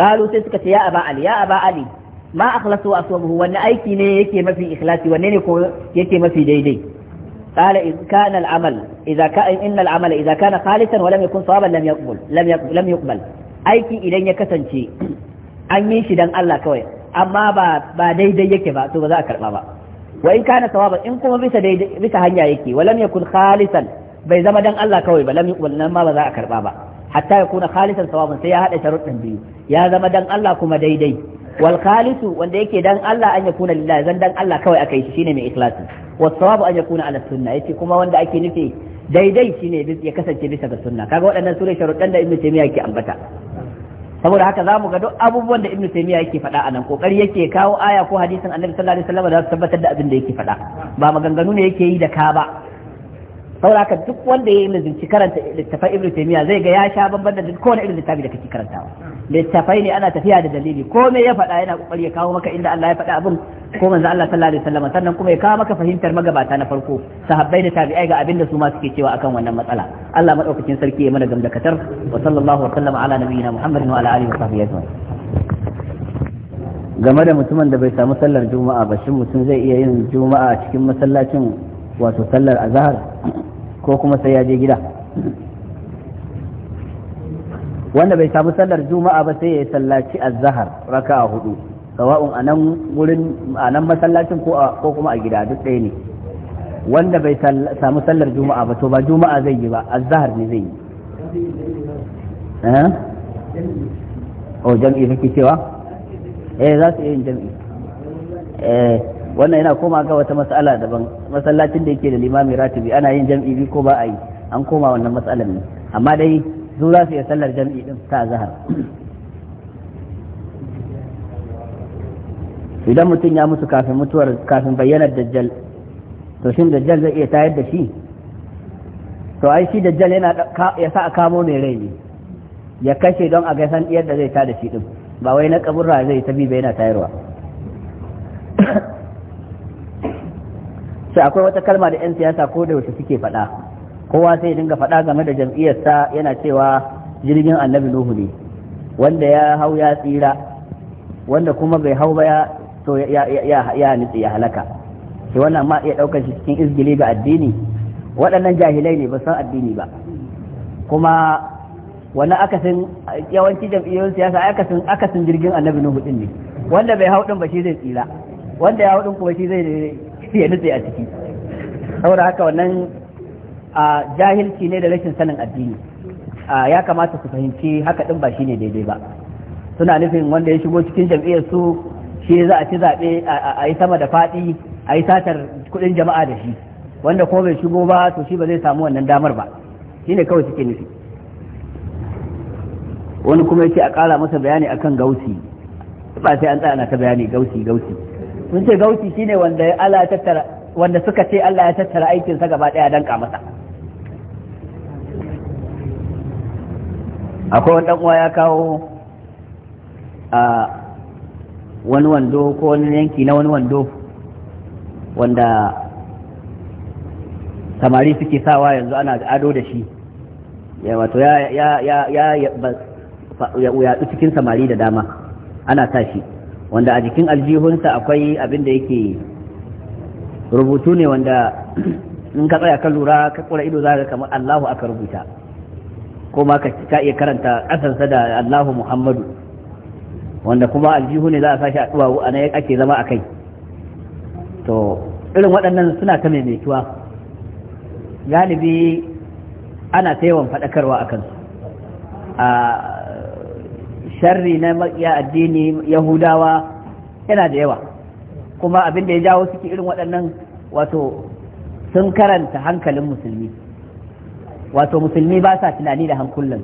A: qalu sai suka ce ya aba ali ya aba ali ma akhlasu wa aswabuhu wani aiki ne yake mafi ikhlasi wanne ne ko yake mafi daidai qala in kana al-amal ka inna kana khalisan wa lam yakun sawaban lam aiki idan ya kasance an yi shi dan Allah kawai amma ba daidai yake ba to ba a karba ba wa in kana sawaban in kuma bisa hanya yake wa lam khalisan bai zama dan Allah kawai ba lam yuqbal nan ba za a karba ba hatta yakuna khalisan sawaban sai ya hada biyu ya zama dan Allah kuma daidai wal khalisu wanda yake dan Allah an yakuna lillahi zan dan Allah kawai akai shi shine mai ikhlasi was sawabu an yakuna ala sunna yace kuma wanda ake nufi daidai shine ya kasance bisa ga sunna kaga waɗannan sune sharuɗan da ibnu taymiya yake ambata saboda haka zamu ga duk abubuwan da ibnu taymiya yake faɗa anan kokari yake kawo aya ko hadisin annabi sallallahu alaihi wasallam da su tabbatar da abin da yake faɗa ba maganganu ne yake yi da ka ba saboda haka duk wanda ya yi lizinci karanta littafin ibnu taymiya zai ga ya sha bamban da duk kowane irin littafi da kake karantawa littafai ne ana tafiya da dalili ko me ya faɗa yana kokari ya kawo maka inda Allah ya faɗa abin ko manzo Allah sallallahu alaihi wasallam sannan kuma ya kawo maka fahimtar magabata na farko sahabbai da tabi'ai ga abin da su ma suke cewa akan wannan matsala Allah madaukakin sarki ya mana gamdakatar wa sallallahu wa sallama ala nabiyyina Muhammadin wa ala alihi wa sahbihi ajma'in game da mutumin da bai samu sallar juma'a ba shin mutum zai iya yin juma'a cikin masallacin wato sallar azhar ko kuma sai ya je gida wanda bai samu sallar juma'a ba sai ya sallaci azhar raka'a hudu sawa'un anan gurin anan masallacin ko ko kuma a gida duk ɗaya ne wanda bai samu sallar juma'a ba to ba juma'a zai yi ba azhar ne zai yi eh o oh, jam'i kake cewa eh za su yi jam'i eh wannan yana koma ga wata mas'ala daban masallacin da yake da limami ratibi ana yin jam'i ko ba a yi an koma wannan matsalar ne amma dai su za su iya sallar jam'i din ta zahar idan mutum ya mutu kafin mutuwar kafin bayyanar dajjal to shin dajjal zai iya tayar da shi to ai shi dajjal yana ya sa a kamo mai rai ne ya kashe don a gaisan diyar da zai ta da shi din ba wai na kaburra zai tabi bai yana tayarwa sai akwai wata kalma da 'yan siyasa ko da wata suke faɗa kowa sai dinga faɗa game da jam'iyyarsa yana cewa jirgin annabi nuhu ne wanda ya hau ya tsira wanda kuma bai hau ba ya to ya ya ya nitsi ya halaka shi wannan ma iya ɗaukar shi cikin izgili ga addini waɗannan jahilai ne ba san addini ba kuma wani akasin yawanci jam'iyyar siyasa akasin akasin jirgin annabi nuhu din ne wanda bai hau din ba shi zai tsira wanda ya hau din kuma shi zai ya nitsi a ciki saboda haka wannan a jahilci ne da rashin sanin addini ya kamata su fahimci haka din ba shine daidai ba suna nufin wanda ya shigo cikin jam'iyyar su shi za a ci zaɓe a yi sama da faɗi a yi satar kuɗin jama'a da shi wanda ko bai shigo ba to shi ba zai samu wannan damar ba shine kawai suke nufi wani kuma yake a ƙara masa bayani akan gausi ba sai an tsaya ana ta bayani gausi gausi sun ce gausi shine wanda Allah ya tattara wanda suka ce Allah ya tattara aikin sa gaba ɗaya danka masa akwai wani uwa ya kawo a wani wando ko wani yanki na wani wando wanda samari suke sawa yanzu ana ado da shi ya wato ya yaɗu cikin samari da dama ana sa shi wanda a jikin aljihunsa akwai abin da yake rubutu ne wanda in ka tsaya ka lura ka kura ido za ka kamar Allahu aka rubuta ko ma ka iya karanta ƙasansa da Allahu Muhammadu wanda kuma aljihu ne za a sashi a duwawu a nan ake zama a kai to irin waɗannan suna ta maimaituwa galibi ana ta yawan faɗakarwa a kansu a sharri na maƙiya addini yahudawa yana da yawa kuma abin da ya jawo suke irin waɗannan wato sun karanta hankalin musulmi wato musulmi ba sa tunani da hankulan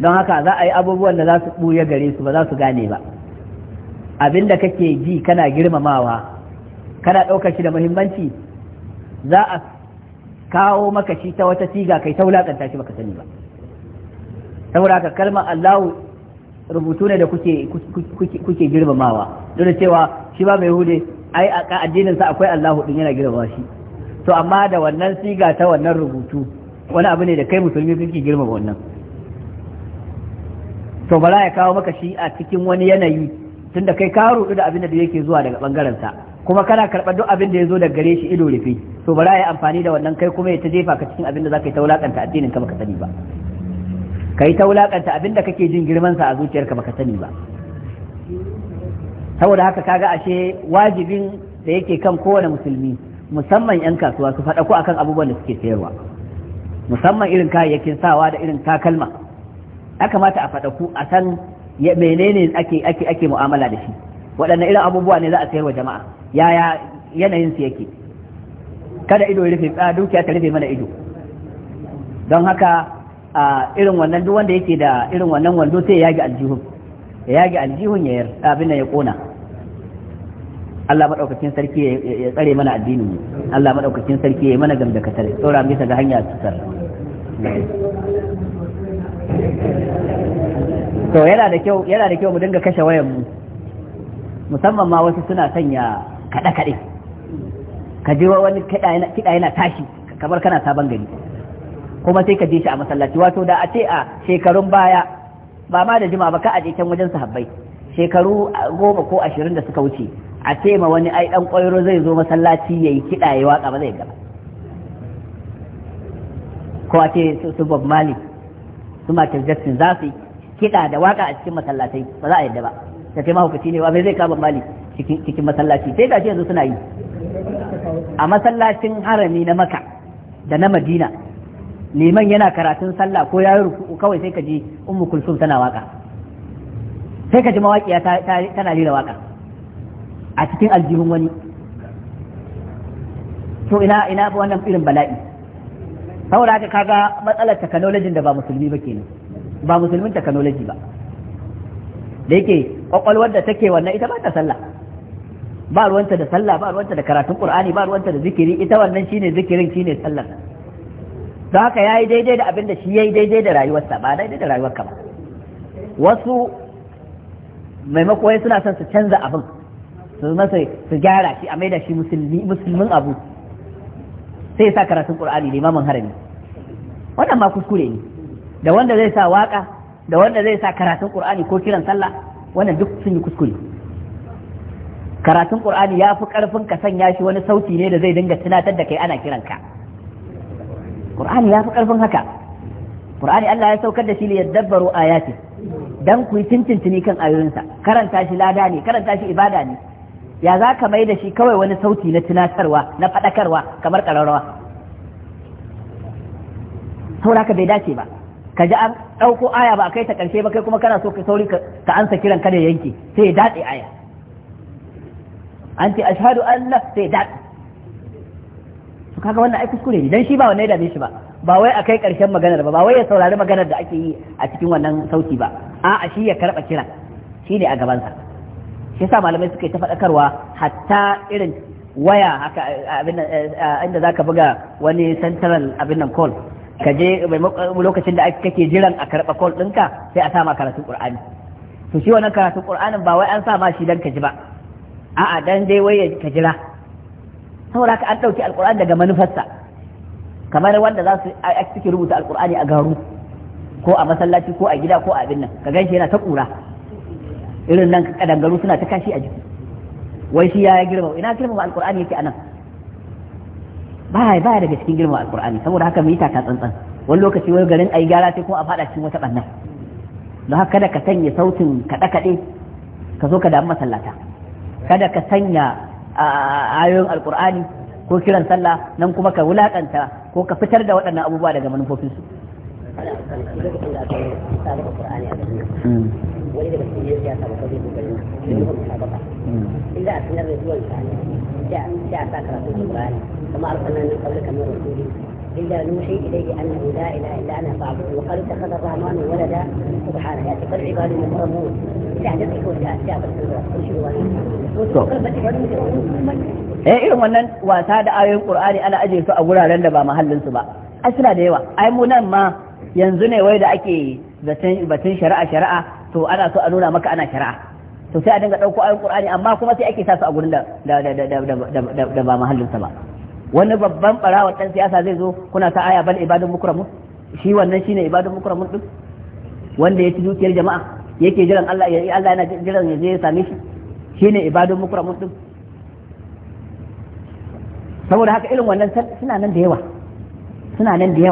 A: don haka za a yi abubuwan da za su ɓuya gare su ba za su gane ba abin da kake ji kana girmamawa kana ɗaukar shi da muhimmanci za a kawo maka shi ta wata siga kai ta wulaƙanta shi baka sani ba saboda haka kalmar Allahu rubutu ne da kuke kuke girmamawa don cewa shi ba mai hude ai a addinin sa akwai Allahu din yana girmama shi to amma da wannan siga ta wannan rubutu wani abu ne da kai musulmi kake girma wannan to bala ya kawo maka shi a cikin wani yanayi tunda kai ka rudu da abin da yake zuwa daga bangaren sa kuma kana karɓar duk abin da ya zo daga gare shi ido rufe to bala ya amfani da wannan kai kuma ya ta jefa ka cikin abin da zaka yi ta wulakanta addinin ka baka sani ba kai ta wulakanta abin da kake jin girman sa a zuciyarka baka sani ba saboda haka kaga ashe wajibin da yake kan kowane musulmi musamman 'yan kasuwa su faɗa ko akan abubuwan da suke sayarwa musamman irin kayayyakin sawa da irin takalma ya kamata a faɗa ku a san menene ake ake ake mu'amala da shi waɗanne irin abubuwa ne za a sayarwa jama'a yaya yanayin su yake kada ido rufe dukiya ta rufe mana ido don haka a irin wannan duk wanda yake da irin wannan wando sai ya yage aljihun ya yage aljihun ya yar abin ya kona Allah madaukakin sarki ya tsare mana addinin mu Allah madaukakin sarki ya mana gamdakatar tsora mu bisa ga hanya tutar to yana da kyau yana da kyau mu dinga kashe wayan mu musamman ma wasu suna sanya kada kade ka ji wani kiɗa yana tashi kamar kana sabon gari kuma sai ka je shi a masallaci wato da a ce a shekarun baya ba ma da jima ba ka a can wajen sahabbai shekaru goma ko ashirin da suka wuce a ce ma wani ai dan kwairo zai zo masallaci yayi kiɗa ya waka ba zai gaba ko a ce su Bob Marley su Michael Jackson za su kiɗa da waka a cikin masallatai ba za a yadda ba ta ce mahaukaci ne wa bai zai kama mali cikin masallaci sai ce yanzu suna yi a masallacin harami na maka da na madina liman yana karatun sallah ko ya yi kawai sai ka ji ummu kulsum tana waka sai ka ji mawaƙiya tana lila waka a cikin aljihun wani to ina ina ba wannan irin bala'i saboda haka kaga matsalar technology da ba musulmi ba kenan ba musulmin technology ba da yake kwakwalwar da take wannan ita ba ta sallah ba ruwanta da sallah ba ruwanta da karatun qur'ani ba ruwanta da zikiri ita wannan shine zikirin shine sallah. don haka yayi daidai da abin da shi yayi daidai da rayuwarsa ba daidai da rayuwarka ba wasu maimako suna son su canza abin su masa su gyara shi a maida shi musulmi musulmin abu sai sa karatun qur'ani limamin harami wannan ma kuskure ne da wanda zai sa waka da wanda zai sa karatun qur'ani ko kiran sallah wannan duk sun yi kuskure karatun qur'ani ya fi karfin ka sanya shi wani sauti ne da zai dinga tunatar da kai ana kiran ka. qur'ani ya fi karfin haka qur'ani Allah ya saukar da shi ne yadabbaru ayati dan ku yi tintintini kan ayoyinsa karanta shi lada ne karanta shi ibada ne ya za ka mai da shi kawai wani sauti na tunatarwa na faɗakarwa kamar ƙararrawa saura ka bai dace ba ka ji an ɗauko aya ba a kai ta ƙarshe ba kai kuma kana so ka sauri ka ansa kiran kada yanke sai ya daɗe aya an ce ashhadu an la sai daɗe su kaga wannan ai kuskure ne dan shi ba wannan ya dame shi ba ba wai a kai ƙarshen maganar ba ba wai ya saurari maganar da ake yi a cikin wannan sauti ba a'a shi ya karɓa kiran shi ne a gabansa shi yasa malamai suka yi ta faɗakarwa hatta irin waya haka abin eh, inda zaka buga wani central abin nan call ka je lokacin da kake jiran a karɓa call ɗinka sai a sama karatun ƙur'ani to shi wannan karatun ƙur'anin ba wai an sa ma shi dan ka ji ba a'a dan dai wai ka jira saboda ka an ɗauki alƙur'ani daga manufarsa kamar wanda za su suke rubuta alƙur'ani a garu ko a masallaci ko a gida ko a abin nan ka gan shi yana ta ƙura irin nan kadangaru suna ta kashi a jiki wai shi ya girma ina girma alqur'ani yake anan ba ba daga cikin girma alqur'ani saboda haka mu yi taka tsantsan wani lokaci wai garin ayi gyara sai kuma a fada cikin wata banna don haka kada ka sanya sautin kaɗe kaɗe ka zo ka damu masallata kada ka sanya ayoyin alqur'ani ko kiran sallah nan kuma ka wulakanta ko ka fitar da waɗannan abubuwa daga manufofinsu
B: يجب التمييز في هذا القضية بالبينة منهم مسابقة إلا في نبي دول ثانية جاء جاء فاكرة في القرآن وما أرسلنا من قبلك من رسول إلا نوحي إليه أنه لا إله إلا أنا فاعبده وقالوا اتخذ الرحمن ولدا سبحانه يأتي قل عباد المكرمون إلا عدد يكون جاء جاء
A: eh irin wannan wasa da ayoyin Qur'ani ana ajiye su a wuraren da ba mahallin su ba ai suna da yawa ai mu nan ma yanzu ne wai da ake zaton batun shari'a shari'a to ana so a nuna maka ana shari'a to sai a dinga ɗauko ayoyin qur'ani amma kuma sai ake sa su a gurin da da da da da da ba mahallin sa ba wani babban barawa dan siyasa zai zo kuna ta aya bal ibadun mukramun shi wannan shine ibadun mukramun din wanda ya ci dukiyar jama'a yake jiran Allah ya Allah yana jiran ya je ya same shi shine ibadun mukramun din saboda haka irin wannan suna nan da yawa suna nan da yawa